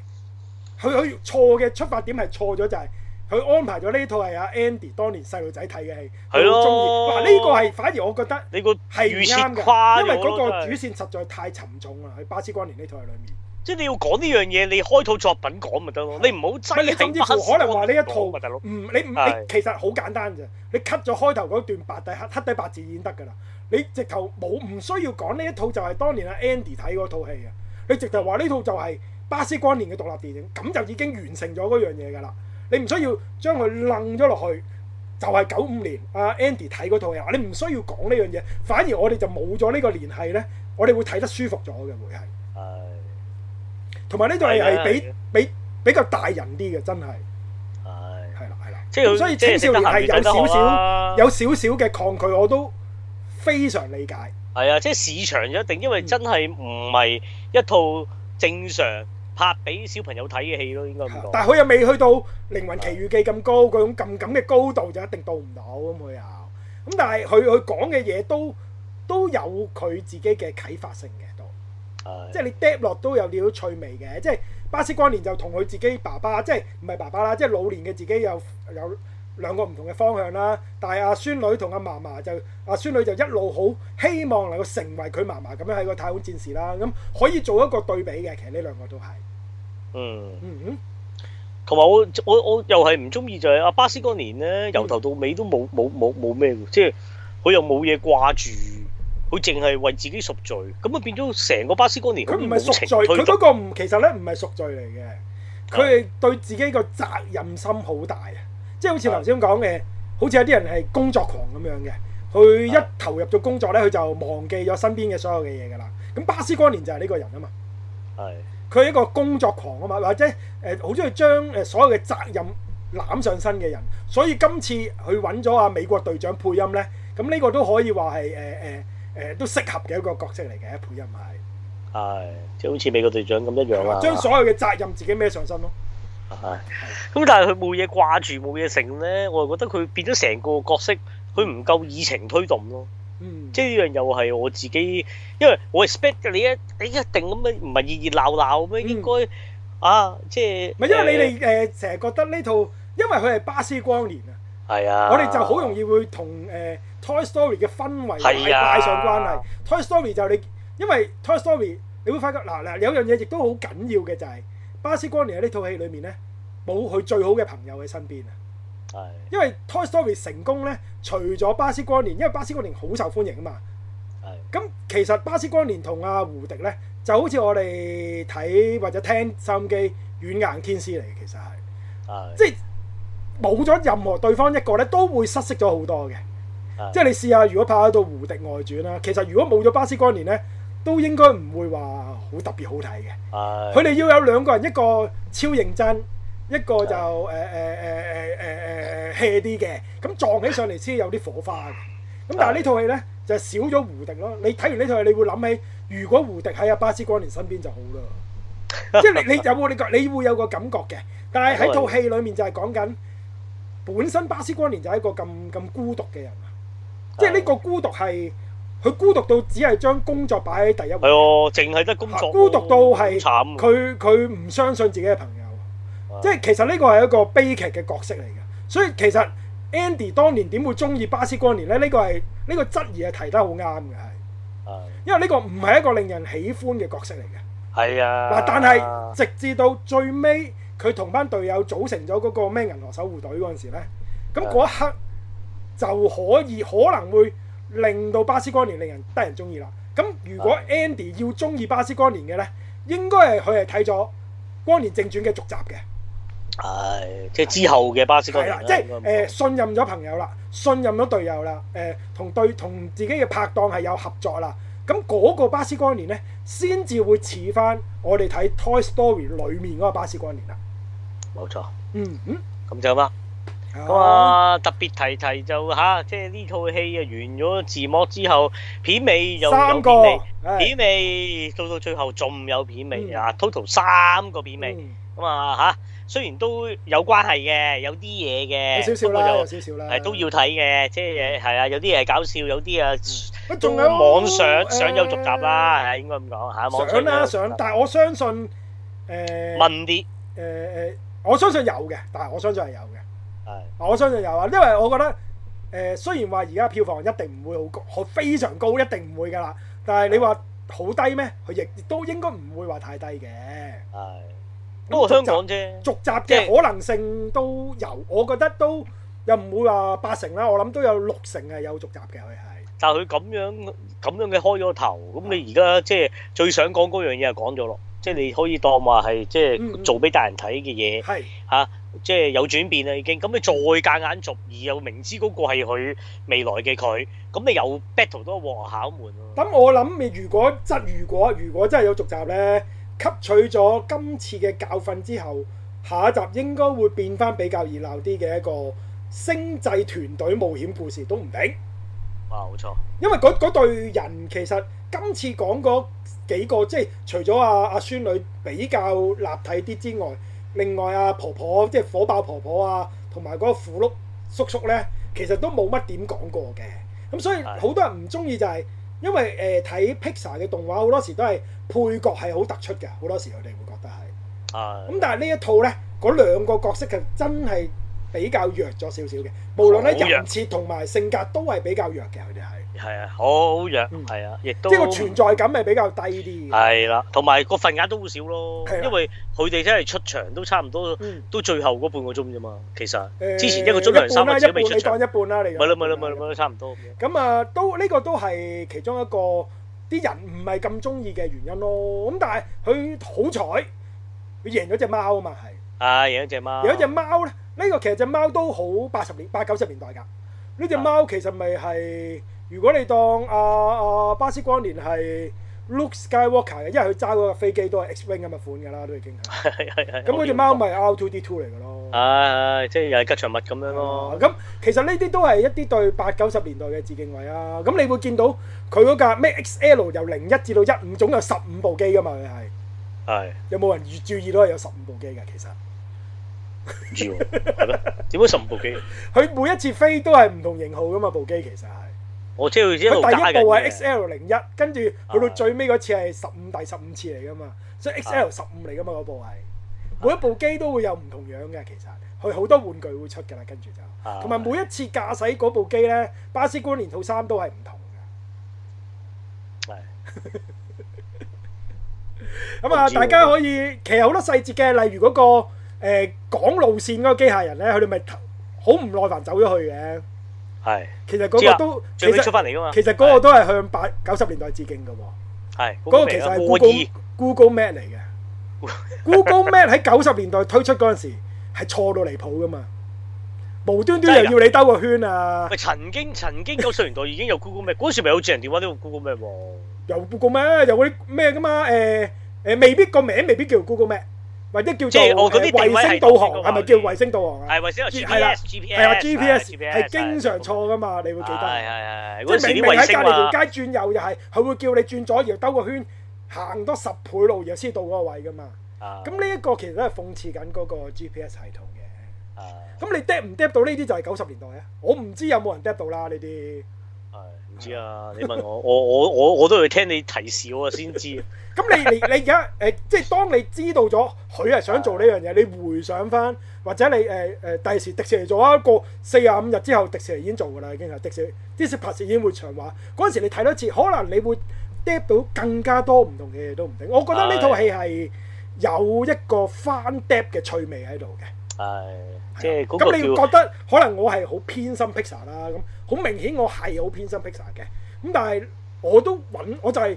佢佢錯嘅出發點係錯咗，就係佢安排咗呢套係阿 Andy 當年細路仔睇嘅戲，好鍾意。嗱呢個係反而我覺得呢個係唔啱嘅，因為嗰個主線實在太沉重啦，喺《巴斯光年》呢套戲裏面。即係你要講呢樣嘢，你開套作品講咪得咯？的你唔好擠停。甚至乎可能話呢一套，唔是你的你其實好簡單啫。你 cut 咗開頭嗰段白底黑黑底白字已經得噶啦。你直頭冇唔需要講呢一套就係當年阿 Andy 睇嗰套戲啊。你直頭話呢套就係巴斯光年嘅獨立電影，咁就已經完成咗嗰樣嘢噶啦。你唔需要將佢楞咗落去，就係九五年阿、啊、Andy 睇嗰套戲。你唔需要講呢樣嘢，反而我哋就冇咗呢個聯繫咧，我哋會睇得舒服咗嘅會係。同埋呢度係係比比比較大人啲嘅，真係係係啦係啦。咁所以青少年係有少少有少少嘅抗拒，我都非常理解。係啊，即係市場一定，因為真係唔係一套正常拍俾小朋友睇嘅戲咯，應該咁講。但係佢又未去到《靈魂奇遇記》咁高嗰種咁咁嘅高度，就一定到唔到咁佢又。咁但係佢佢講嘅嘢都都有佢自己嘅啟發性嘅。即係你跌落都有啲趣味嘅，即係巴斯光年就同佢自己爸爸，即係唔係爸爸啦，即係老年嘅自己有有兩個唔同嘅方向啦。但係阿孫女同阿嫲嫲就阿孫女就一路好希望能夠成為佢嫲嫲咁樣係個太空戰士啦，咁可以做一個對比嘅。其實呢兩個都係，嗯嗯同埋我我我又係唔中意就係阿巴斯光年咧，由頭到尾都冇冇冇冇咩，即係佢又冇嘢掛住。嗯佢淨係為自己贖罪，咁啊，變咗成個巴斯光年好似冇情推動。佢唔係贖罪，佢嗰個唔其實咧唔係贖罪嚟嘅，佢係對自己個責任心大，啊、好大啊！即係是的 好似頭先講嘅，好似有啲人係工作狂咁樣嘅，佢一投入咗工作咧，佢是的 就忘記咗身邊嘅所有嘅嘢㗎啦。咁巴斯光年就係呢個人啊嘛，係佢係一個工作狂啊嘛，或者誒好中意將誒所有嘅責任攬上身嘅人。所以今次去揾咗阿美國隊長配音咧，咁呢個都可以話係誒誒。呃呃呃呃誒都適合嘅一個角色嚟嘅，配音係，係即、哎、好似美國隊長咁一樣啊！將、嗯、所有嘅責任自己孭上身咯，係、哎。咁是但係佢冇嘢掛住，冇嘢成咧，我係覺得佢變咗成個角色，佢唔、嗯、夠以情推動咯。即係呢樣又係我自己，因為我 expect 你一你一定咁樣，唔係熱熱鬧鬧咩？應該、嗯、啊，即係。唔係因為你哋誒成日覺得呢套，因為佢係巴斯光年、嗯、啊，係啊，我哋就好容易會同誒。呃呃 Toy Story 嘅氛圍係拜上關係、哦、Toy Story 就係你，因為 Toy Story 你會發覺嗱、啊啊，有樣嘢亦都好緊要嘅就係、是、巴斯光年喺呢套戲裏面咧冇佢最好嘅朋友喺身邊啊，是的 因為 Toy Story 成功咧，除咗巴斯光年，因為巴斯光年好受歡迎啊嘛，咁是的 其實巴斯光年同阿胡迪咧就好似我哋睇或者聽收音機軟硬天師嚟嘅，其實係即係冇咗任何對方一個咧，都會失色咗好多嘅。即係你試下，如果拍到《胡迪外傳》啦，其實如果冇咗巴斯光年咧，都應該唔會話好特別好睇嘅。佢哋、哎、要有兩個人，一個超認真，一個就誒誒誒誒誒誒 hea 啲嘅，咁、哎呃呃呃呃、撞起上嚟先有啲火花嘅。咁但係呢套戲咧就少咗胡迪咯。你睇完呢套戲，你會諗起如果胡迪喺阿巴斯光年身邊就好啦。 即係你你有個你會有個感覺嘅，但係喺套戲裡面就係講緊本身巴斯光年就係一個咁咁孤獨嘅人。即係呢個孤獨係，佢孤獨到只係將工作擺喺第一位，哦，淨係得工作孤獨到係，佢佢唔相信自己嘅朋友，即係其實呢個係一個悲劇嘅角色嚟嘅。所以其實 Andy 當年點會中意巴斯光年呢？呢個係呢個質疑係提得好啱嘅，係。因為呢個唔係一個令人喜歡嘅角色嚟嘅。係啊。嗱，但係直至到最尾，佢同班隊友組成咗嗰個咩銀河守護隊嗰陣時咧，咁嗰一刻。就可以可能會令到巴斯光年令人得人中意啦。咁如果 Andy 要中意巴斯光年嘅呢，應該係佢係睇咗光年正傳嘅續集嘅。係、哎，即、就、係、是、之後嘅巴斯光年。即係信任咗朋友啦，信任咗隊友啦，誒、呃、同對同自己嘅拍檔係有合作啦。咁嗰個巴斯光年呢，先至會似翻我哋睇 Toy Story 裡面嗰個巴斯光年啦。冇錯。嗯嗯。咁、嗯、就咁啊，特別提提就吓，即係呢套戲啊，完咗字幕之後，片尾又有片尾，片尾到到最後仲有片尾啊，total 三個片尾。咁啊吓，雖然都有關係嘅，有啲嘢嘅，有少少啦，有少少啦，係都要睇嘅，即係係啊，有啲嘢搞笑，有啲啊，仲有網上想有續集啦，應該咁講吓，網上啦想，但係我相信誒，問啲誒誒，我相信有嘅，但係我相信係有。我相信有啊，因為我覺得誒、呃，雖然話而家票房一定唔會好高，好非常高，一定唔會噶啦。但係你話好低咩？佢亦都應該唔會話太低嘅。係，不過，香港啫，續集嘅可能性，就是，都有，我覺得都又唔會話八成啦，我諗都有六成係有續集嘅，佢係。但係佢咁樣咁樣嘅開咗頭，咁的你而家即係最想講嗰樣嘢，就講咗咯。即係你可以當話係即係做俾大人睇嘅嘢，係吓的。即係有轉變啦，已經。咁你再夾硬續，而又明知嗰個係佢未來嘅佢，咁你又 battle 都鑊考門啊！咁、嗯、我諗，你如，如果真，如果如果真係有續集咧，吸取咗今次嘅教訓之後，下一集應該會變翻比較熱鬧啲嘅一個星際團隊冒險故事都唔定。哇！冇錯，因為嗰嗰隊人其實今次講嗰幾個，即係除咗阿阿孫女比較立體啲之外。另外啊，婆婆即係火爆婆婆啊，同埋個個腐碌叔叔咧，其實都冇乜點講過嘅。咁、嗯、所以好多人唔中意就係、是、因為誒睇、呃、Pixar 嘅動畫好多時都係配角係好突出嘅，好多時佢哋會覺得係係。咁、uh, 嗯、但係呢一套咧，兩個角色其實真係比較弱咗少少嘅。Uh, 無論喺人設同埋性格都係比較弱嘅，佢哋係。係啊，好弱，係啊，亦都即係個存在感係比較低啲。係啦，同埋個份額都好少咯，因為佢哋真係出場都差唔多，都最後嗰半個鐘啫嘛。其實之前一個鐘頭三個鐘未出場，咪咯咪咯咪咯，差唔多。咁啊，都呢個都係其中一個啲人唔係咁中意嘅原因咯。咁但係佢好彩，佢贏咗隻貓啊嘛，係啊，贏咗隻貓。有隻貓咧，呢個其實隻貓都好八十年、八九十年代噶。呢隻貓其實咪係。如果你當阿阿巴斯光年係 Luke Skywalker 嘅，因為佢揸嗰架飛機都係 X-wing 咁嘅款噶啦，都已經。係係係。咁嗰隻貓咪 R2D2 嚟噶咯。係係，即係又係吉祥物咁樣咯。咁其實呢啲都係一啲對八九十年代嘅致敬位啊。咁你會見到佢嗰架咩 XL 由零一至到一五總有十五部機噶嘛？佢係。係。有冇人越注意到係有十五部機噶其實？唔知喎。點解十五部機？佢每一次飛都係唔同型號噶嘛？部機其實係。我知佢知佢第一部係 X L 零一、啊，跟住去到最尾嗰次係十五第十五次嚟噶嘛，啊、所以 X L 十五嚟噶嘛嗰、啊、部係。每一部機都會有唔同樣嘅，其實佢好多玩具會出噶啦，跟住就，同埋每一次駕駛嗰部機呢，巴斯光年套衫都係唔同嘅。咁啊，大家可以、啊、其實好多細節嘅，例如嗰、那個誒講、呃、路綫嗰個機械人呢，佢哋咪好唔耐煩走咗去嘅。係，其實嗰個都，其實出翻嚟噶嘛，其實嗰個都係向八九十年代致敬噶。係，嗰個其實係 Go 意 Google Google Map 嚟嘅。Google Map 喺九十年代推出嗰陣時係錯到離譜噶嘛，無端端又要你兜個圈啊！曾經曾經九十年代已經有 Google Map，嗰 時咪好似人電話都 Go、啊、有 Google Map 喎。有 Google Map，有嗰啲咩噶嘛？誒、呃、誒，未必個名未必叫 Google Map。或者叫做啲衛星導航，係咪叫衛星導航啊？係衛星 GPS 係啦、啊、GPS 係經常錯噶嘛，你會記得。係係係。即、啊、係、啊、明明喺隔離條街，街轉右又、就、係、是，佢會叫你轉左，然後兜個圈行多十倍路，然後先到嗰個位噶嘛。啊！咁呢一個其實都係諷刺緊嗰個 GPS 系統嘅。啊！咁你釣唔釣到呢啲就係九十年代啊！我唔知有冇人釣到啦呢啲。啊！ 你問我，我我我我都係聽你提示我先知 。咁你你而家誒，即係當你知道咗佢係想做呢樣嘢， 你回想翻，或者你誒誒第時迪士尼做一個四十五日之後，迪士尼已經做㗎啦，已經啦。迪士尼迪士尼拍攝已經會長話，嗰陣時你睇多次，可能你會 drop 到更加多唔同嘅嘢都唔定。我覺得呢套戲係有一個翻 drop 嘅趣味喺度嘅。係。 即係咁，你覺得可能我係好偏心 Pixar 啦，咁好明顯我係好偏心 Pixar 嘅。咁但係我都揾，我就係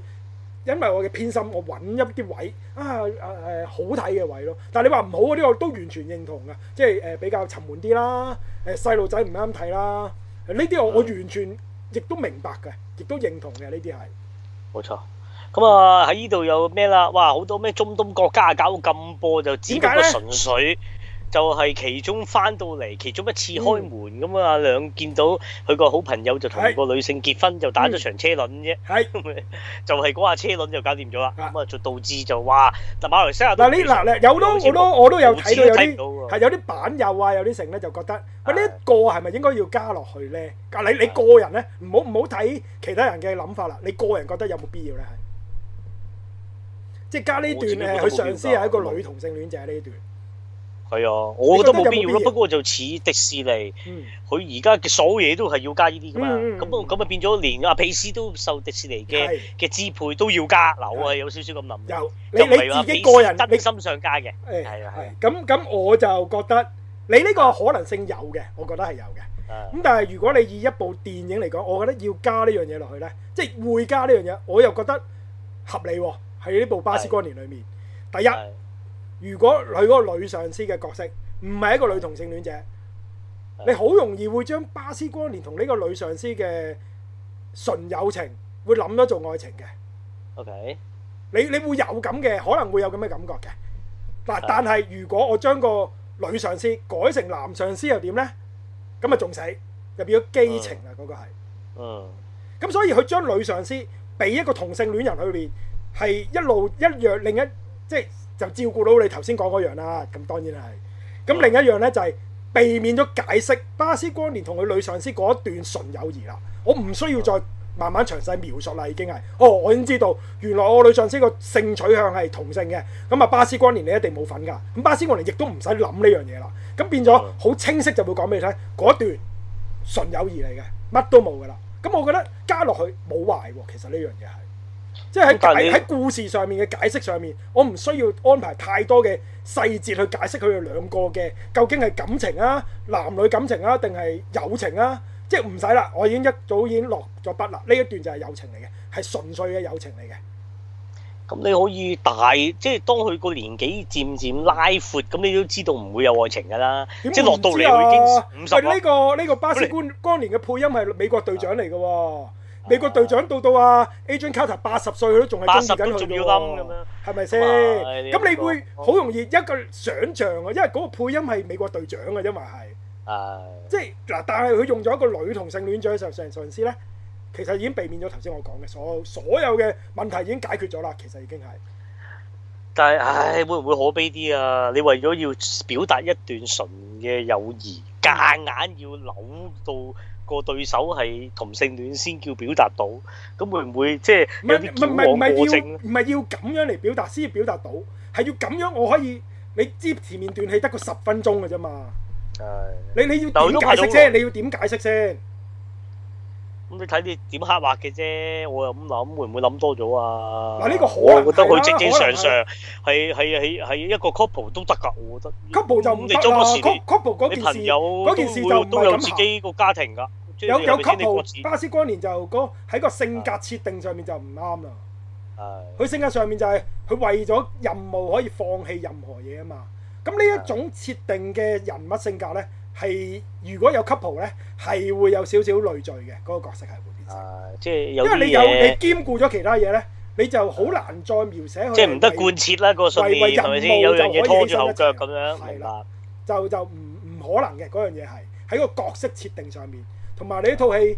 因為我嘅偏心，我揾一啲位啊誒好睇嘅位咯。但係你話唔好嗰啲，這個、我都完全認同嘅。即係誒比較沉悶啲啦，誒細路仔唔啱睇啦。呢啲我我完全亦、嗯、都明白嘅，亦都認同嘅。呢啲係冇錯。咁啊喺呢度有咩啦？哇！好多咩中東國家搞到禁播就只不過純粹。就係其中返到嚟，其中一次開門咁啊，兩見到佢個好朋友就同個女性結婚，就打咗場車輪啫。係，就係嗰下車輪就搞掂咗啦。咁啊，就導致就話，但馬來西亞都。嗱，你嗱，有都好多，我都有睇到有啲係有啲版友啊，有啲成咧就覺得，喂，呢一個係咪應該要加落去咧？啊，你你個人咧，唔好唔好睇其他人嘅諗法啦，你個人覺得有冇必要咧？係，即係加呢段咧，佢上司係一個女同性戀者呢段。係啊，我覺得冇必要咯。不過就似迪士尼，佢而家嘅所有嘢都係要加呢啲噶嘛。咁咁咪變咗連阿皮斯都受迪士尼嘅嘅支配，都要加樓啊！有少少咁諗。有你你自己個人得你心上加嘅，係啊係。咁咁我就覺得你呢個可能性有嘅，我覺得係有嘅。咁但係如果你以一部電影嚟講，我覺得要加呢樣嘢落去咧，即係會加呢樣嘢，我又覺得合理喎。喺呢部《巴斯光年》裏面，第一。如果佢嗰個女上司嘅角色唔係一個女同性戀者，你好容易會將巴斯光年同呢個女上司嘅純友情會諗咗做愛情嘅。OK，你你會有咁嘅，可能會有咁嘅感覺嘅嗱。但係如果我將個女上司改成男上司又點呢？咁啊，仲死入面變咗基情啦，嗰個係嗯。咁所以佢將女上司俾一個同性戀人裏邊係一路一樣，另一即係。就照顧到你頭先講嗰樣啦，咁當然係。咁另一樣咧就係避免咗解釋巴斯光年同佢女上司嗰段純友誼啦。我唔需要再慢慢詳細描述啦，已經係。哦，我已經知道原來我女上司個性取向係同性嘅。咁啊，巴斯光年你一定冇份㗎。咁巴斯光年亦都唔使諗呢樣嘢啦。咁變咗好清晰就會講俾你聽，嗰段純友誼嚟嘅，乜都冇㗎啦。咁我覺得加落去冇壞喎，其實呢樣嘢係。即係喺喺故事上面嘅解釋上面，我唔需要安排太多嘅細節去解釋佢哋兩個嘅究竟係感情啊、男女感情啊，定係友情啊？即係唔使啦，我已經一早已經落咗筆啦。呢一段就係友情嚟嘅，係純粹嘅友情嚟嘅。咁你可以大，即係當佢個年紀漸漸拉闊，咁你都知道唔會有愛情㗎啦。點都唔知啊！佢呢個呢、呢個呢個巴斯光年嘅配音係美國隊長嚟嘅。美國隊長到到啊，Agent Carter 八十歲佢都仲係鍾意緊佢喎，係咪先？咁你會好容易一個想像啊，因為嗰個配音係美國隊長嘅，因為係，即係嗱，但係佢用咗一個女同性戀者上上司咧，其實已經避免咗頭先我講嘅所所有嘅問題已經解決咗啦，其實已經係。但係唉，會唔會可悲啲啊？你為咗要表達一段純嘅友誼，夾硬要扭到？個對手係同性戀先叫表達到，咁會唔會即係、嗯、有啲錯過症咧？唔係要咁樣嚟表達先表達到，係要咁樣我可以，你接前面段戲得個十分鐘嘅啫嘛？係、哎，你你要點解釋啫？你要點解釋先？你睇你點刻畫嘅啫，我又咁諗，會唔會諗多咗啊？嗱，呢個我覺得佢正正常常，係係係係一個 couple 都得㗎，我覺得。couple 就唔得啦，你你朋友嗰件事就都有自己個家庭㗎。有有 couple，巴斯光年就個喺個性格設定上面就唔啱啦。係。佢性格上面就係佢為咗任務可以放棄任何嘢啊嘛。咁呢一種設定嘅人物性格咧。係，如果有 couple 咧，係會有少少累贅嘅嗰個角色係會變成、啊。即係有啲嘢，因為你有你兼顧咗其他嘢咧，你就好難再描寫佢。即係唔得貫徹啦、個信念係咪先？任務有樣嘢拖住後腳咁樣，係啦，明白？就就唔唔可能嘅嗰樣嘢係喺個角色設定上面，同埋你套戲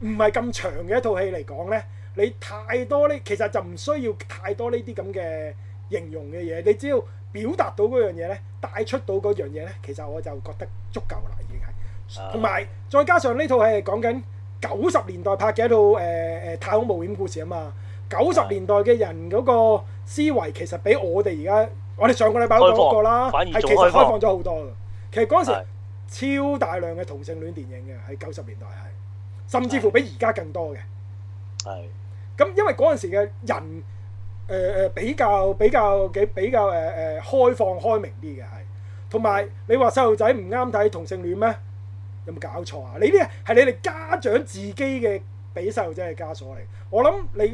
唔係咁長嘅一套戲嚟講咧，你太多呢，其實就唔需要太多呢啲咁嘅形容嘅嘢，你只要。表達到嗰樣嘢呢，帶出到嗰樣嘢呢，其實我就覺得足夠啦，已經係。同埋、啊、再加上呢套戲係講緊九十年代拍嘅一套誒誒、呃、太空冒險故事啊嘛，九十年代嘅人嗰個思維其實比我哋而家，我哋上個禮拜都講過啦，係其實開放咗好多嘅。其實嗰陣時超大量嘅同性戀電影嘅，喺九十年代係，甚至乎比而家更多嘅。咁、啊啊、因為嗰陣時嘅人。誒誒、呃、比較比較嘅比較誒誒開放開明啲嘅係，同埋你話細路仔唔啱睇同性戀咩？有冇搞錯啊？你啲係你哋家長自己嘅俾細路仔嘅枷鎖嚟。我諗你你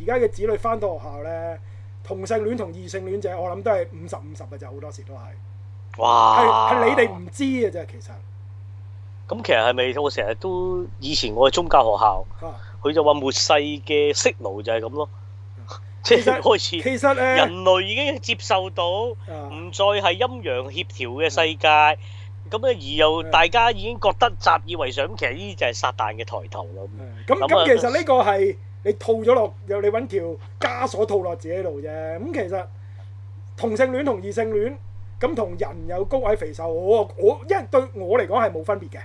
你而家嘅子女返到學校咧，同性戀同異性戀者，我諗都係五十五十嘅，就好多時都係。哇！係係你哋唔知嘅啫，其實。咁其實係咪我成日都以前我係宗教學校，佢、啊、就話末世嘅色奴就係咁咯。即係開始，其實咧， 人類已經接受到唔再係陰陽協調嘅世界，咁咧、嗯、而又大家已經覺得習以為常，咁其實呢啲就係撒旦嘅抬頭咯。咁咁其實呢個係你套咗落，又你揾條枷鎖套落自己度啫。咁、嗯、其實同性戀同異性戀，咁同人有高矮肥瘦，我我因為對我嚟講係冇分別嘅。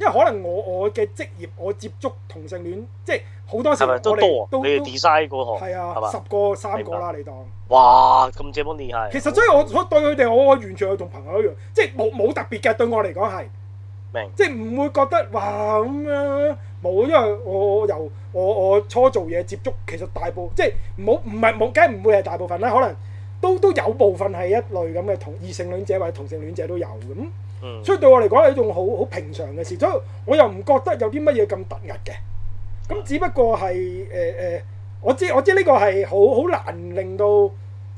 因為可能我我嘅職業我接觸同性戀，即係好多時候我哋都 design 嗰行，係啊，吧十個三個啦，你，你當。哇！咁這麼年輕。其實所以我好我對佢哋我我完全係同朋友一樣，即係冇冇特別嘅，對我嚟講係明白，即係唔會覺得哇咁樣冇、啊，因為我由我我，我初做嘢接觸，其實大部分即係冇唔係冇，梗唔會係大部分啦，可能都都有部分係一類咁嘅同異性戀者或者同性戀者都有咁。所以對我嚟講係一種好好平常嘅事，所以我又唔覺得有啲乜嘢咁突兀嘅。咁只不過係誒誒，我知我知呢個係好好難令到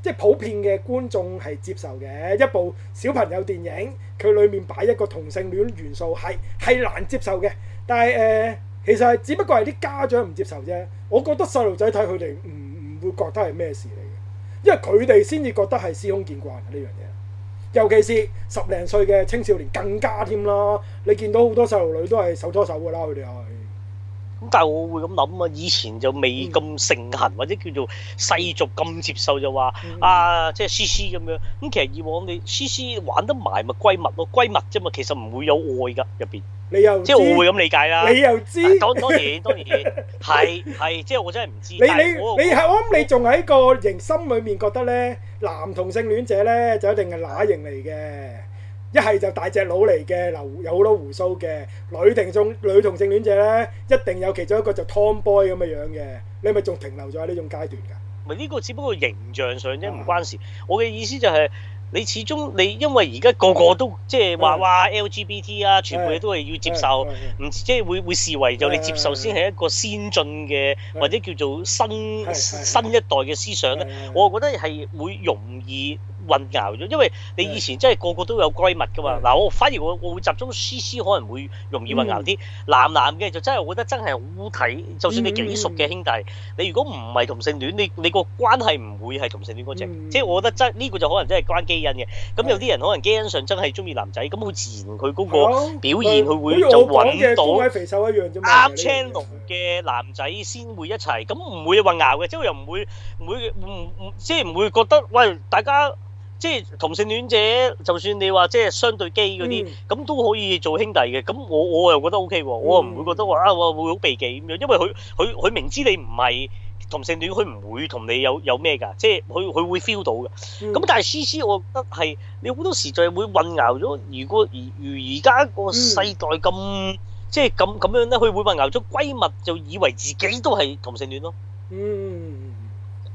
即係普遍嘅觀眾係接受嘅一部小朋友電影，佢裏面擺一個同性戀元素係係難接受嘅。但係誒、呃，其實只不過係啲家長唔接受啫。我覺得細路仔睇佢哋唔唔會覺得係咩事嚟嘅，因為佢哋先至覺得係司空見慣呢樣嘢。尤其是十零歲嘅青少年更加添啦，你見到好多細路女都係手拖手㗎啦，佢哋係。咁但係我會咁諗啊，以前就未咁盛行、嗯、或者叫做世俗咁接受就話、嗯、啊，即、就、係、是、C C 咁樣。咁、嗯、其實以往你 C C 玩得埋咪閨蜜咯，閨蜜啫嘛，其實唔會有愛㗎入邊。你又知即係我會咁理解啦。你又知、啊？當當然當然係係，即係我真係唔知。你是你、那個、你係我諗，你仲喺個形心裏面覺得咧，男同性戀者咧就一定係乸型嚟嘅，一係就大隻佬嚟嘅，留有好多胡鬚嘅；女定中，女同性戀者咧，一定有其中一個就 Tomboy 咁嘅樣嘅。你係咪仲停留咗喺呢種階段㗎？唔係呢個只不過形象上啫，唔關事。啊、我嘅意思就係、是。你始終你因為而家個個都即係話哇 LGBT 啊，全部嘢都係要接受，唔 即係會會視為就你接受先係一個先進嘅或者叫做新 新一代嘅思想咧，我覺得係會容易。混淆咗，因為你以前真係個個都有閨蜜㗎嘛。嗱，我反而我我會集中師師可能會容易混淆啲男男嘅，就真係我覺得真係好睇。就算你幾熟嘅兄弟，你如果唔係同性戀，你你個關係唔會係同性戀嗰隻。即係我覺得真呢個就可能真係關基因嘅。咁有啲人可能基因上真係中意男仔，咁好自然佢嗰個表現佢會就揾到啱 channel 嘅男仔先會一齊，咁唔會混淆嘅，即係又唔會唔會唔即係唔會覺得喂大家。即係同性戀者，就算你話即係相對基嗰啲，咁、嗯、都可以做兄弟嘅。咁我我又覺得 O K 喎，嗯、我又唔會覺得話啊，我會好避忌咁樣。因為佢佢佢明知你唔係同性戀，佢唔會同你有有咩㗎。即係佢佢會 feel 到嘅。咁、嗯、但係 C C，我覺得係你好多時就係會混淆咗。如果而而家個世代咁、嗯、即係咁咁樣咧，佢會混淆咗閨蜜，閨就以為自己都係同性戀咯。嗯。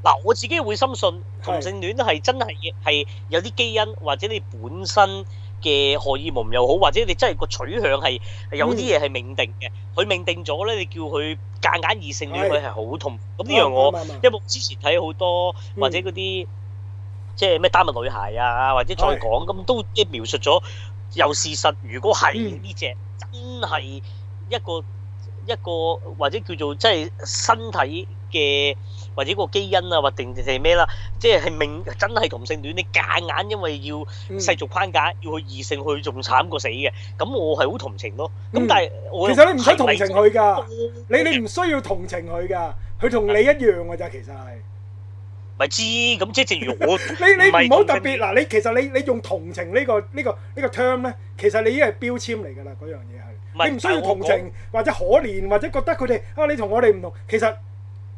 嗱，我自己會深信同性戀係真係係有啲基因，或者你本身嘅荷爾蒙又好，或者你真係個取向係有啲嘢係命定嘅。佢、嗯、命定咗咧，你叫佢間硬異性戀，佢係好痛。咁呢、嗯、樣我、嗯、因為我之前睇好多或者嗰啲即係咩丹麥女孩啊，或者再講咁都即描述咗有事實。如果係呢只真係一個一個或者叫做即係身體嘅。或者個基因啊，或定定定咩啦，即係命真係同性戀，你假眼因為要世俗框架，嗯、要去異性去仲慘過死嘅。咁、嗯、我係好同情咯。咁但係，其實你唔使同情佢、這、噶、個，這個這個、term, 你是你唔需要同情佢噶。佢同你一樣㗎咋，其實係咪？知咁即係正如我，你你唔好特別嗱。你其實你你用同情呢個呢個呢個 term 咧，其實你已依係標籤嚟㗎啦。嗰樣嘢係你唔需要同情或者可憐或者覺得佢哋啊，你同我哋唔同，其實。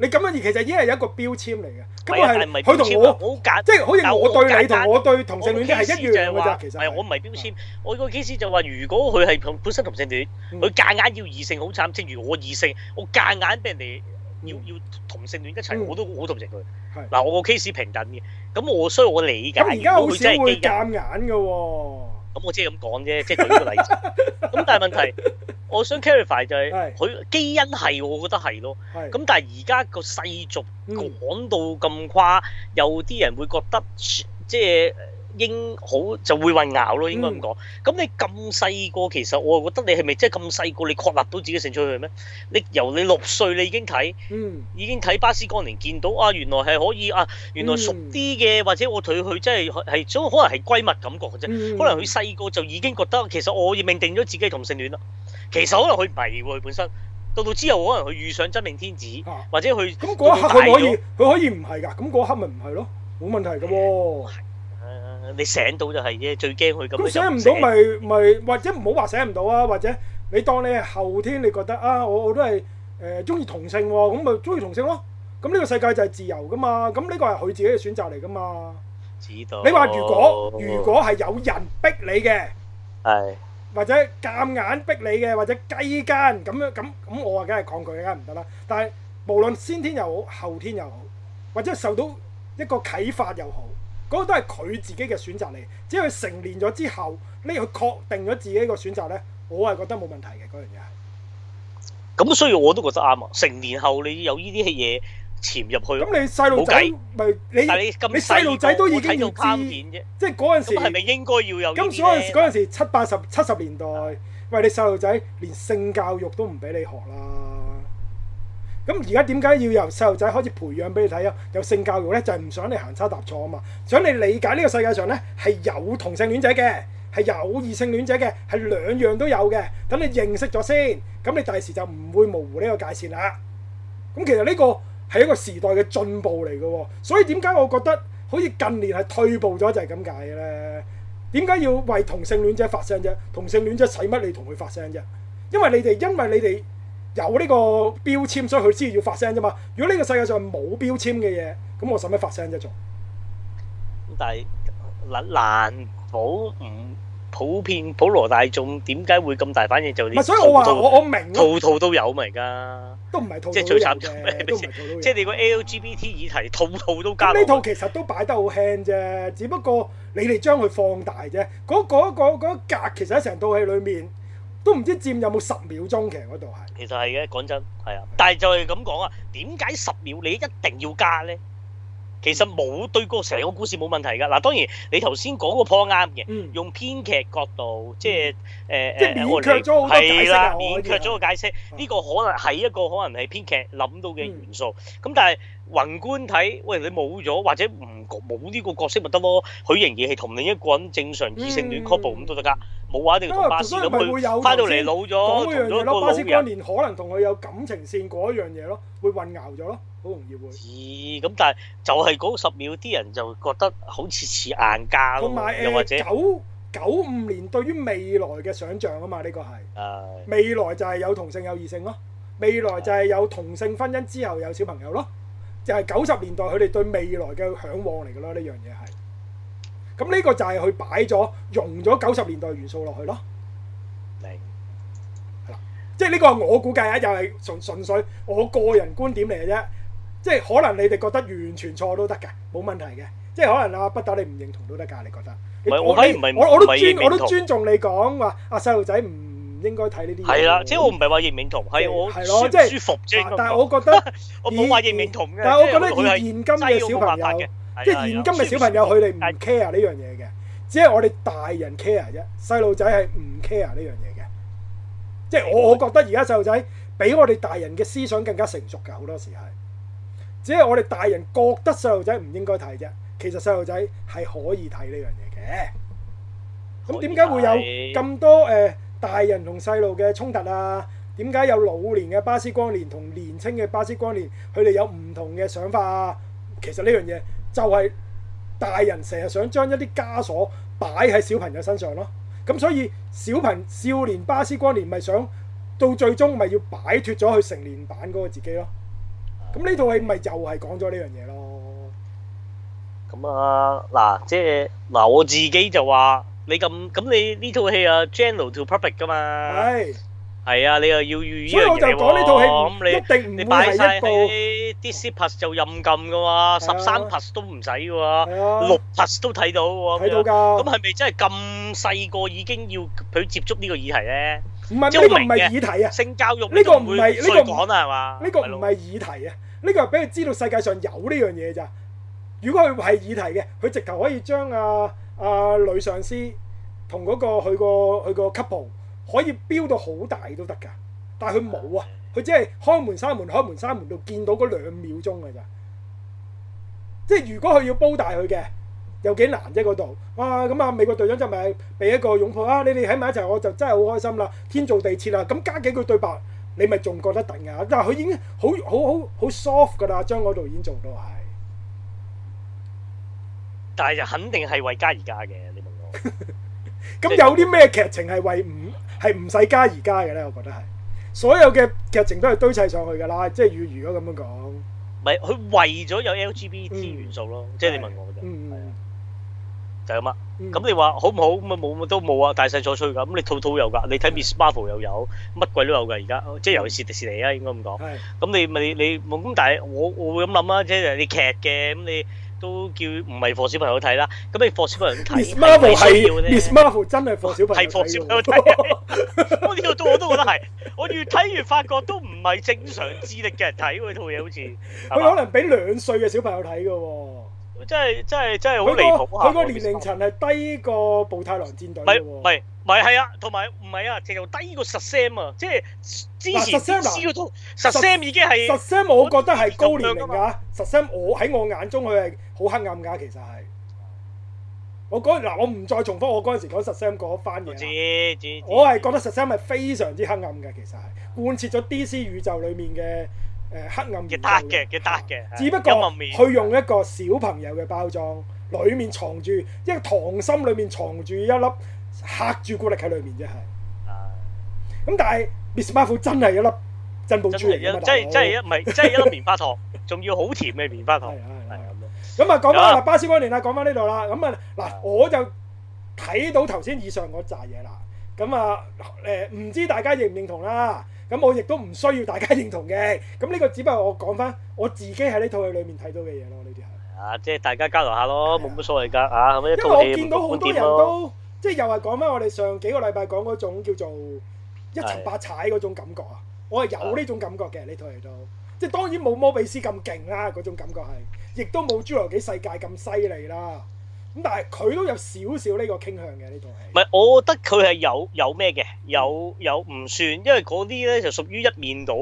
你咁樣而其實已經係一個標籤嚟嘅，咁係佢同我即係好似我對你同我對同性戀係一樣嘅啫。其實係我唔係標籤，我個 case 就話如果佢係本身同性戀，佢夾硬要異性好慘。正如我異性，我夾硬俾人哋要要同性戀一齊，我都好同情佢。嗱我個 case 平等嘅，咁我所以我理解。咁而家好少會夾硬嘅喎。我只係咁講啫，即係舉個例子。咁但係問題，我想 clarify 就係、是、佢基因係，我覺得係咯。咁但係而家個世俗講到咁誇，有啲人會覺得即係。應好就會混淆咯，應該咁講。咁、嗯、你咁細個，其實我覺得你係咪真係咁細個，你確立到自己性取向咩？你由你六歲你已經睇，嗯、已經睇巴斯光年見到啊，原來係可以啊，原來熟啲嘅，或者我對佢真係係可能係閨蜜感覺嘅啫。嗯、可能佢細個就已經覺得，其實我已命定咗自己同性戀啦。其實可能佢唔係喎，佢本身到到之後，可能佢遇上真命天子，啊、或者佢咁嗰刻佢可以佢可以唔係噶，咁嗰刻咪唔係咯，冇問題嘅喎。你醒到就係啫，最驚佢咁。醒唔到咪咪或者唔好話醒唔到啊，或者你當你係後天你覺得啊，我我都係誒中意同性喎、啊，咁咪中意同性咯、啊。咁呢個世界就係自由噶嘛，咁呢個係佢自己嘅選擇嚟噶嘛。道你話如果好好如果係有人逼你嘅唉，或者夾硬逼你嘅，或者雞奸咁樣咁咁，我話梗係抗拒梗係唔得啦。但係無論先天又好，後天又好，或者受到一個啟發又好。嗰個都係佢自己嘅選擇嚟，只要佢成年咗之後，你去確定咗自己個選擇咧，我係覺得冇問題嘅嗰樣嘢。咁所以我都覺得啱啊！成年後，你有呢啲嘢潛入去，咁你細路仔咪你你細路仔都已經唔知，即係嗰陣時係咪應該要有？咁嗰陣時嗰陣時七八十七十年代，餵、嗯、你細路仔連性教育都唔俾你學啦。咁而家點解要由細路仔開始培養俾你睇啊？有性教育呢，就係、是、唔想你行差踏錯啊嘛！想你理解呢個世界上呢，係有同性戀者嘅，係有異性戀者嘅，係兩樣都有嘅。等你認識咗先，咁你第時就唔會模糊呢個界線啦。咁其實呢個係一個時代嘅進步嚟嘅、哦，所以點解我覺得好似近年係退步咗就係咁解嘅咧？點解要為同性戀者發聲啫？同性戀者使乜你同佢發聲啫？因為你哋，因為你哋。有呢個標籤，所以佢先至要發聲啫嘛。如果呢個世界上冇標籤嘅嘢，咁我使乜發聲啫？仲但係難保唔、嗯、普遍普羅大眾點解會咁大反應？就唔所以我話兔我我明套套、啊、都有咪、啊、㗎，都唔係套。即係最慘嘅即係你個 LGBT 議題，套套都加。呢套其實都擺得好輕啫， 只不過你哋將佢放大啫。嗰、嗰、嗰、個嗰個嗰個、格其實喺成套戲裡面。都唔知道佔有冇十秒鐘，其實嗰度係。其實係嘅，講真係啊，但係就係咁講啊，點解十秒你一定要加呢？其實冇對個成個故事冇問題㗎。嗱，當然你頭先講個破啱嘅，用編劇角度，即係誒誒，係啦，勉強咗個解釋。呢個可能係一個可能係編劇諗到嘅元素。咁但係宏觀睇，喂，你冇咗或者唔冇呢個角色咪得咯？佢仍然係同另一個人正常異性戀 couple 咁都得㗎。冇話一定要同巴斯咁去，翻到嚟老咗，同咗個老嘅，可能同佢有感情線嗰一樣嘢咯，會混淆咗咯。好容易會。咦？咁但係就係嗰十秒，啲人就覺得好似似硬膠咯。同埋誒，九九五年對於未來嘅想象啊嘛，呢個係。誒。未來就係有同性有異性咯，未來就係有同性婚姻之後有小朋友咯，就係九十年代佢哋對未來嘅向往嚟噶咯，呢樣嘢係。咁呢個就係佢擺咗融咗九十年代元素落去咯。零。嗱，即係呢個我估計啊，又係純純粹我個人觀點嚟嘅啫。即係可能你哋覺得完全錯都得嘅，冇問題嘅。即係可能阿北斗你唔認同都得噶，你覺得？我，我都尊我都尊重你講話，阿細路仔唔應該睇呢啲嘢係啦。即係我唔係話認同，係我舒服但係我覺得我冇話認同嘅。但係我覺得現今嘅小朋友，即係現今嘅小朋友，佢哋唔 care 呢樣嘢嘅，只係我哋大人 care 啫。細路仔係唔 care 呢樣嘢嘅。即係我我覺得而家細路仔比我哋大人嘅思想更加成熟噶，好多時係。只係我哋大人覺得細路仔唔應該睇啫，其實細路仔係可以睇呢樣嘢嘅。咁點解會有咁多誒、呃、大人同細路嘅衝突啊？點解有老年嘅巴斯光年同年青嘅巴斯光年佢哋有唔同嘅想法啊？其實呢樣嘢就係大人成日想將一啲枷鎖擺喺小朋友身上咯。咁所以小朋少年巴斯光年咪想到最終咪要擺脱咗佢成年版嗰個自己咯。咁呢套戲咪就係講咗呢樣嘢咯。咁啊，嗱，即係嗱，我自己就話你咁咁，你呢套戲啊，general to perfect 噶嘛。係。係啊，你又要寓意啊，所以我就講呢套戲唔一定唔會嚟一步。Disc pass 就任撳噶嘛，十三 pass 都唔使喎，六 pass 都睇到喎。睇到㗎。咁係咪真係咁細個已經要佢接觸呢個議題咧？唔係呢個唔係議題啊，性教育呢個唔係呢個唔係議題啊，呢個係俾佢知道世界上有呢樣嘢咋。如果佢係議題嘅，佢直頭可以將阿阿女上司同嗰個佢個佢個 couple 可以飆到好大都得噶。但係佢冇啊，佢只係開門閂門，開門閂門度見到嗰兩秒鐘噶咋。即係如果佢要煲大佢嘅，有幾難啫？嗰度哇咁啊！美國隊長就咪俾一個擁抱啦，啊。你哋喺埋一齊，我就真係好開心啦。天造地設啊！咁加幾句對白，你咪仲覺得突啊？但係佢已經好好好好 soft 噶啦，張度已經做到係。但係就肯定係為加而家為加而加嘅。你問我咁 有啲咩劇情係為五係唔使加而加嘅咧？我覺得係所有嘅劇情都係堆砌上去噶啦。即係如如果咁樣講，唔係佢為咗有 LGBT 元素咯。嗯、即係你問我啫，嗯嗯咁、嗯、你話好唔好咁啊？冇都冇啊！大細坐坐噶，咁你套套有㗎。你睇《Miss Marvel》又有乜鬼都有㗎。而家即係尤其是迪士尼啊，應該咁講。咁是的 你咪你咁但係我我會咁諗啊，即係你劇嘅咁你都叫唔係放小朋友睇啦。咁你放小朋友睇《Miss Marvel》係乜嘢嚟㗎，《Miss Marvel》真係放小朋友睇。放 小朋友睇。 我呢度都我都覺得係，我越睇越發覺都唔係正常智力嘅人睇套嘢，好似佢可能俾兩歲嘅小朋友睇㗎喎。真係真係真係好離譜啊！佢個年齡層係低過布太郎戰隊唔係唔係係啊，同埋唔係啊，直頭低過十 Sam 啊，即係之前十 Sam 已經係十 Sam，我覺得係高年齡噶十 Sam 我喺我眼中佢係好黑暗噶，其實係我嗰嗱我唔再重複我嗰陣時講十 Sam 嗰番嘢啦，我係覺得十 Sam 係非常之黑暗嘅，其實係貫徹咗 DC 宇宙裏面嘅。誒黑暗嘅，嘅嘅，嘅，只不過去用一個小朋友嘅包裝，裡面藏住一個糖心，裡面藏住一粒黑朱古力喺裏面啫，係。咁但係，Ms. Marvel 真係一粒珍寶朱古力嚟㗎，即係即係一唔係即係一粒棉花糖，仲要好甜嘅棉花糖。係啊，係啊，係咁樣。咁啊，講翻啦巴斯光年啦，講翻呢度啦。咁啊，嗱，我就睇到頭先以上嗰扎嘢啦。咁啊，誒，唔知大家認唔認同啦？咁我亦都唔需要大家認同嘅，咁呢個只不過我講翻我自己喺呢套戲裏面睇到嘅嘢咯，呢啲係。啊，即係大家交流下咯，冇乜所謂噶。啊，因為我見到好多人都，啊、即係又係講翻我哋上幾個禮拜講嗰種叫做一層八踩嗰種感覺啊，的我係有呢種感覺嘅呢套嚟到。即係當然冇摩比斯咁勁啦，嗰種感覺係，亦都冇侏羅紀世界咁犀利啦。咁但係佢都有少少呢個傾向嘅呢套係。唔、這、係、個，我覺得佢係有有咩嘅，有有唔算，因為嗰啲咧就屬於一面倒，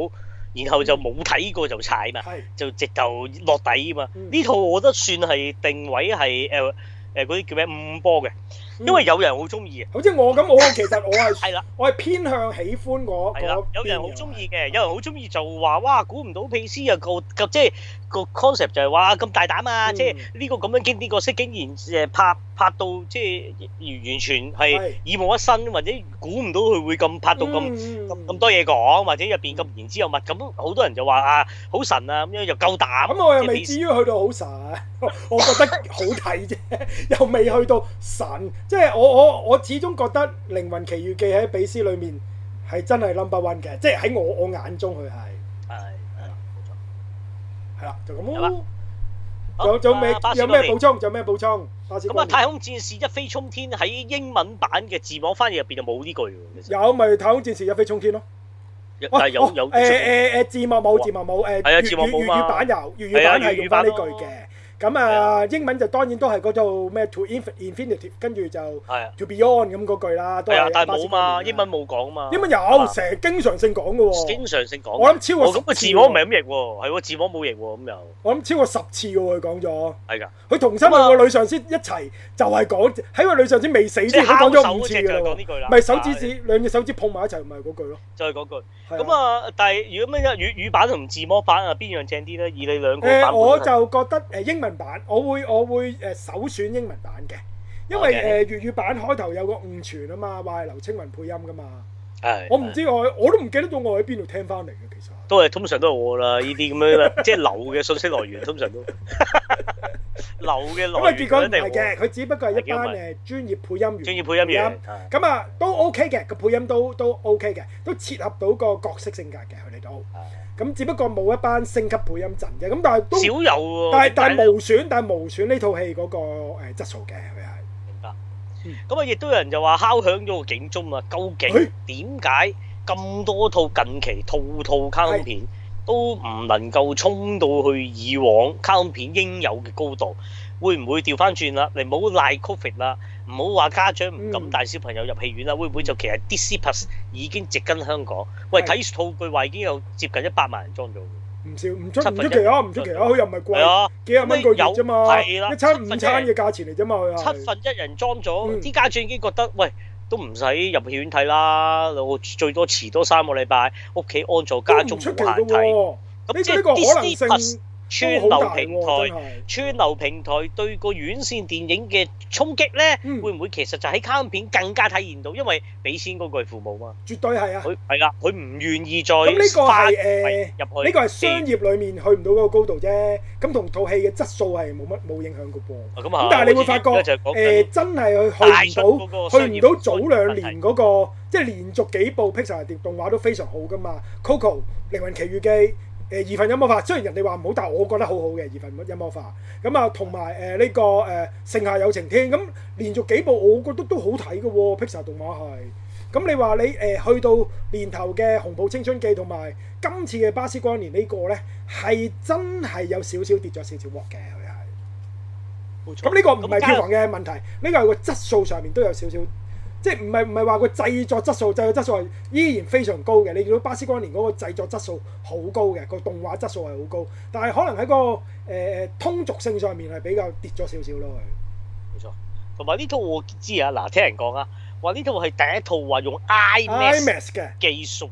然後就冇睇過就踩嘛，是就直頭落底啊嘛。呢、嗯、套我覺得算係定位係誒誒嗰啲叫咩五,五波嘅。因為有人好中意，好似我咁，我其實我係，係啦的，我係偏向喜歡我的個。係啦，有人好中意嘅，的有人好中意就話：哇，估唔到咩事啊！個即係個,個,個,個 concept 就係話咁大膽啊！嗯、即係呢、呢個咁樣經典角色，竟然誒拍拍到即係完完全係耳目一新，或者估唔到佢會咁拍到咁咁咁多嘢講，或者入邊咁言之有物。咁好、嗯、多人就話啊，好神啊！咁樣又夠膽。咁我又未至於去到好神、啊， 我覺得好睇啫，又未去到神。即係我我我始終覺得《靈魂奇遇記》喺比斯裏面係真係 number one 嘅，即係喺我我眼中佢係係係啦，係啦就咁咯。有有咩有咩補充？有咩補充？咁啊，《太空戰士一飛沖天》喺英文版嘅字幕翻譯入邊就冇呢句嘅，有咪《太空戰士一飛沖天》咯。但係有有誒誒誒字幕冇字幕冇誒，係啊，粵粵語版有，粵語版係用返呢句嘅。咁啊，英文就當然都係嗰套咩 to infinity 跟住就 to beyond 咁嗰句啦。都係啊，但係冇嘛，英文冇講嘛。英文有，成經常性講嘅喎。經常性講。我諗超過咁個字幕唔係咁譯喎，係字幕冇譯喎咁又。我諗超過十次嘅佢講咗。係㗎。佢同新任個女上司一齊就係講，喺個女上司未死先，佢講咗五次㗎喎。咪手指指兩隻手指碰埋一齊，唔係嗰句咯。就係嗰句。咁啊，但係如果咩嘢粵語版同字幕版啊，邊樣正啲咧？以你兩個我就覺得誒英文。版我會我會誒首選英文版嘅，因為誒粵語版開頭有個誤傳啊嘛，話係劉青雲配音噶嘛，係我唔知我我都唔記得到我喺邊度聽翻嚟，嘅其實都係通常都係我啦，呢啲咁樣啦，即係流嘅信息來源，通常都流嘅來源。咁啊，結果係嘅，佢只不過係一班誒專業配音員，專業配音員咁啊，都 OK 嘅，個配音都都 OK 嘅，都切合到個角色性格嘅，佢哋都。咁只不過冇一班升級配音陣嘅，咁但係都少有但係但係無損，但係無損呢套戲嗰個誒質素嘅，佢係明白。咁啊，亦都有人就話敲響咗個警鐘啊！究竟點解咁多套近期套套卡通片都唔能夠衝到去以往卡通片應有嘅高度？會唔會調翻轉啦？你唔好賴 Covid 啦。唔好話家長唔敢帶小朋友入戲院啦，會唔會就其實 Disney+ 已經植根香港？喂，睇數據話已經有接近一百萬人裝咗，唔少，唔出唔出奇啊！唔出奇啊！佢又唔係貴，幾廿蚊個月啫嘛，一餐午餐嘅價錢嚟啫嘛，七分一人裝咗，啲家長已經覺得，喂，都唔使入戲院睇啦，我最多遲多三個禮拜，屋企安坐家中無限睇。咁即係 Disney+。串流平台，串流平台對個院線電影嘅衝擊咧，會唔會其實就喺卡通片更加體現到？因為俾錢嗰個係父母嘛，絕對係啊，係啦，佢唔願意再咁呢個係誒入去，呢個係商業裡面去唔到嗰個高度啫。咁同套戲嘅質素係冇乜冇影響嘅噃。咁啊，咁但係你會發覺誒真係去唔到，去唔到早兩年嗰個，即係連續幾部 Pixar 電動畫都非常好噶嘛，《Coco》《靈魂奇遇記》。誒，二分音魔法，雖然人哋話唔好，但係我覺得好好嘅二分音魔法咁啊，同埋誒呢個誒盛夏有晴天，咁連續幾部我覺得都，都好睇嘅、哦。Pixar 動畫係咁，你話你誒、呃、去到年頭嘅《熊抱青春記》同埋今次嘅《巴斯光年呢》呢個咧，係真係有少跌少跌咗少少鑊嘅，佢係冇錯。咁呢個唔係票房嘅問題，呢為個係個質素上面都有少少。即係唔係唔係話個製作質素，製作質素係依然非常高嘅。你見到《巴斯光年》嗰個製作質素好高嘅，個動畫質素係好高，但係可能喺個誒誒、呃、通俗性上面係比較跌咗少少咯。係冇錯，同埋呢套我知啊，嗱聽人講啊，話呢套係第一套話用 IMAX 嘅技術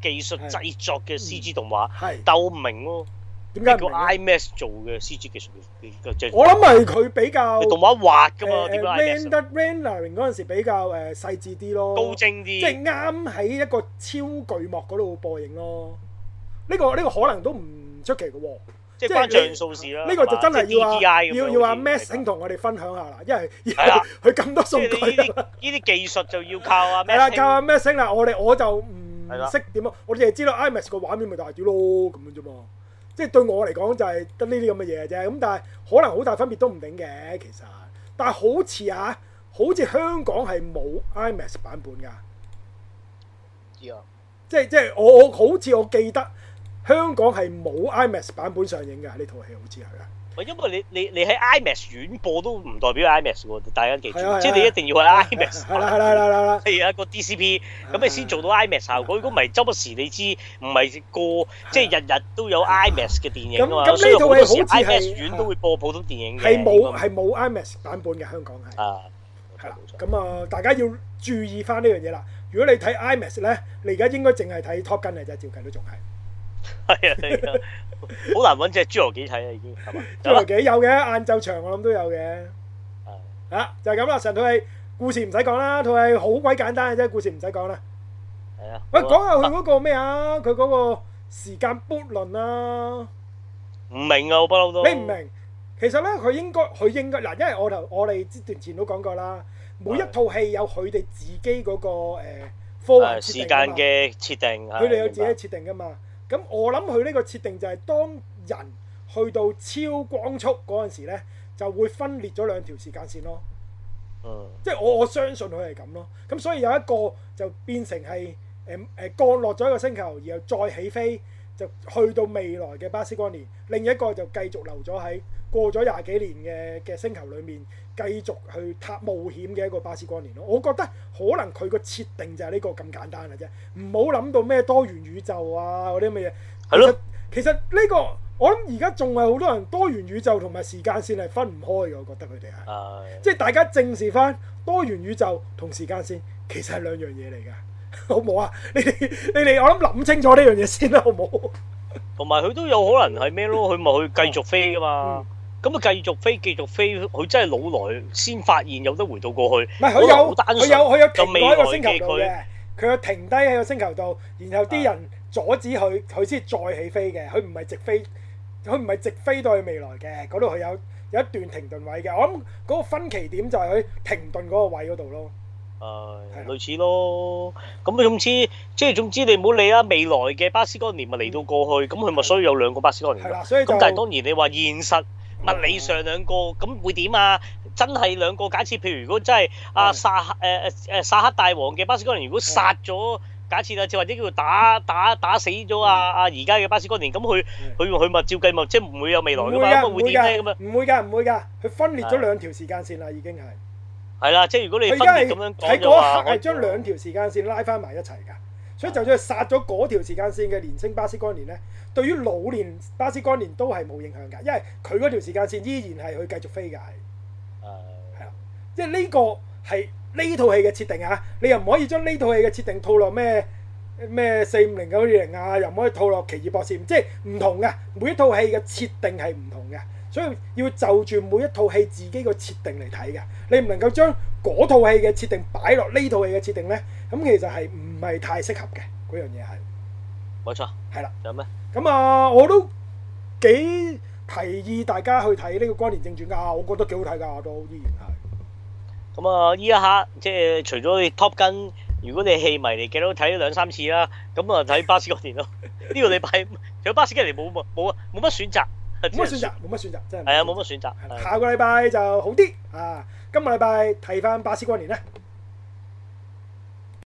技術製作嘅 CG 動畫，但係我唔明咯、哦。點解叫 IMAX 做嘅 CG 技術？我諗係佢比較動畫滑噶嘛。點解？Render 嗰陣時比較誒細緻啲咯，高精啲，即係啱喺一個超巨幕嗰度播映咯。呢個呢個可能都唔出奇嘅，即係數字啦。呢個就真係要要要阿 Messing 同我哋分享下，因為佢咁多數據。呢啲技術就要靠阿係啊，靠阿 Messing 啦。我哋我就唔識點啊，我哋係知道 IMAX 個畫面咪大啲咯，咁樣啫嘛。即係對我嚟講就係得呢啲咁嘅嘢嘅啫，咁但係可能好大分別都唔定嘅其實。但係好似啊，好似香港係冇 IMAX 版本㗎 Yeah.，即係即係我我好似我記得香港係冇 IMAX 版本上映㗎呢套戲，好似係啊。因為你你你喺 IMAX 院播都唔代表 IMAX 喎，大家記住，即係你一定要去 IMAX。係啦，係啦，啦，係啊個 DCP，咁你先做到 IMAX 效果。如果唔係，周不時你知唔係個，即係日日都有 IMAX 嘅電影㗎嘛。所以好多時 IMAX 院都會播普通電影嘅。係冇係冇 IMAX 版本嘅香港係。啊，係啦。冇錯。咁啊，大家要注意翻呢樣嘢啦。如果你睇 IMAX 咧，你而家應該淨係睇 Top Gun 嚟啫，照近都仲係。係啊，你。好難揾隻侏羅紀睇呀，已經，係嘛？侏羅紀有嘅，晏晝場我諗都有嘅。係啊，就係咁啦。成套戲故事唔使講啦，套戲好鬼簡單嘅啫，故事唔使講啦。係啊。喂，講下佢嗰個咩啊？佢嗰個時間悖論啊？唔明啊，我不嬲都。你唔明？其實咧，佢應該，佢應該嗱，因為我頭我哋之前都講過啦，每一套戲有佢哋自己嗰個誒科學時間嘅設定，佢哋有自己設定噶嘛。咁我諗佢呢個設定就係當人去到超光速嗰陣時呢，就會分裂咗兩條時間線咯。嗯，即係我我相信佢係咁咯。咁所以有一個就變成係誒誒降落咗一個星球，然後再起飛就去到未來嘅巴斯光年，另一個就繼續留咗喺過咗廿幾年嘅嘅星球裏面，繼續去踏冒險嘅一個巴斯光年咯。我覺得可能佢個設定就係呢個咁簡單啦啫，唔好諗到咩多元宇宙啊嗰啲乜嘢。係咯的，其實呢、這個我諗而家仲係好多人多元宇宙同埋時間線係分唔開嘅，我覺得佢哋係，uh、即係大家正視翻多元宇宙同時間線，其實係兩樣嘢嚟噶，好唔好啊？你你你，我諗諗清楚呢樣嘢先啦，好唔好？同埋佢都有可能係咩咯？佢咪去繼續飛噶嘛？嗯咁啊！繼續飛，繼續飛，佢真係老嚟先發現有得回到過去。唔係佢有佢有佢有停喺一個星球度嘅，佢有停低喺個星球度，然後啲人阻止佢，佢先再起飛嘅。佢唔係直飛，佢唔係直飛到去未來嘅嗰度。佢有有一段停頓位嘅。我諗嗰個分歧點就係佢停頓嗰個位嗰度咯。係類似咯。咁總之即係總之，你唔好理啦。未來嘅巴斯光年咪嚟到過去，咁佢咪所以有兩個巴斯光年。係啦，所以咁但係當然你話現實。物理上兩個咁會點、嗯、啊？真係兩個假設，譬如如果真係阿薩克誒誒薩克大王嘅巴斯光年，如果殺咗、嗯、假設啊，或者叫做打打打死咗啊，阿而家嘅巴斯光年，咁佢佢佢咪照計嘛？即係唔會有未來㗎嘛？會點咧咁啊？唔會㗎唔會㗎，佢分裂咗兩條時間線啦，的已經係。係啦，即係如果你分裂咁樣講嘅話，係將兩條時間線拉翻埋一齊㗎。所以就算佢殺咗嗰條時間線嘅年輕巴斯光年咧，對於老年巴斯光年都係冇影響㗎，因為佢嗰條時間線依然係去繼續飛㗎。係啊，即係呢個係呢套戲嘅設定啊！你又唔可以將呢套戲嘅設定套落咩咩四五零九二零啊，又唔可以套落奇異博士，即係唔同嘅。每一套戲嘅設定係唔同嘅。所以要就住每一套戲自己個設定嚟睇嘅，你唔能夠將嗰套戲嘅設定擺落呢套戲嘅設定咧，咁其實係唔係太適合嘅嗰樣嘢係。冇錯，係啦的，有咩？咁啊，我都幾提議大家去睇呢個《光年正傳》噶，我覺得幾好睇噶，都、呃、依然係。咁啊，依一刻即係除咗你 Top Gun，如果你戲迷嚟嘅都睇咗兩三次啦，咁啊睇《巴斯光年》咯。 呢個禮拜有巴斯光年》冇冇啊，冇乜選擇。冇乜選擇，冇乜選擇，真係。係啊，冇乜選擇。下個禮拜就好啲啊，啊！今個禮拜提翻巴斯光年咧。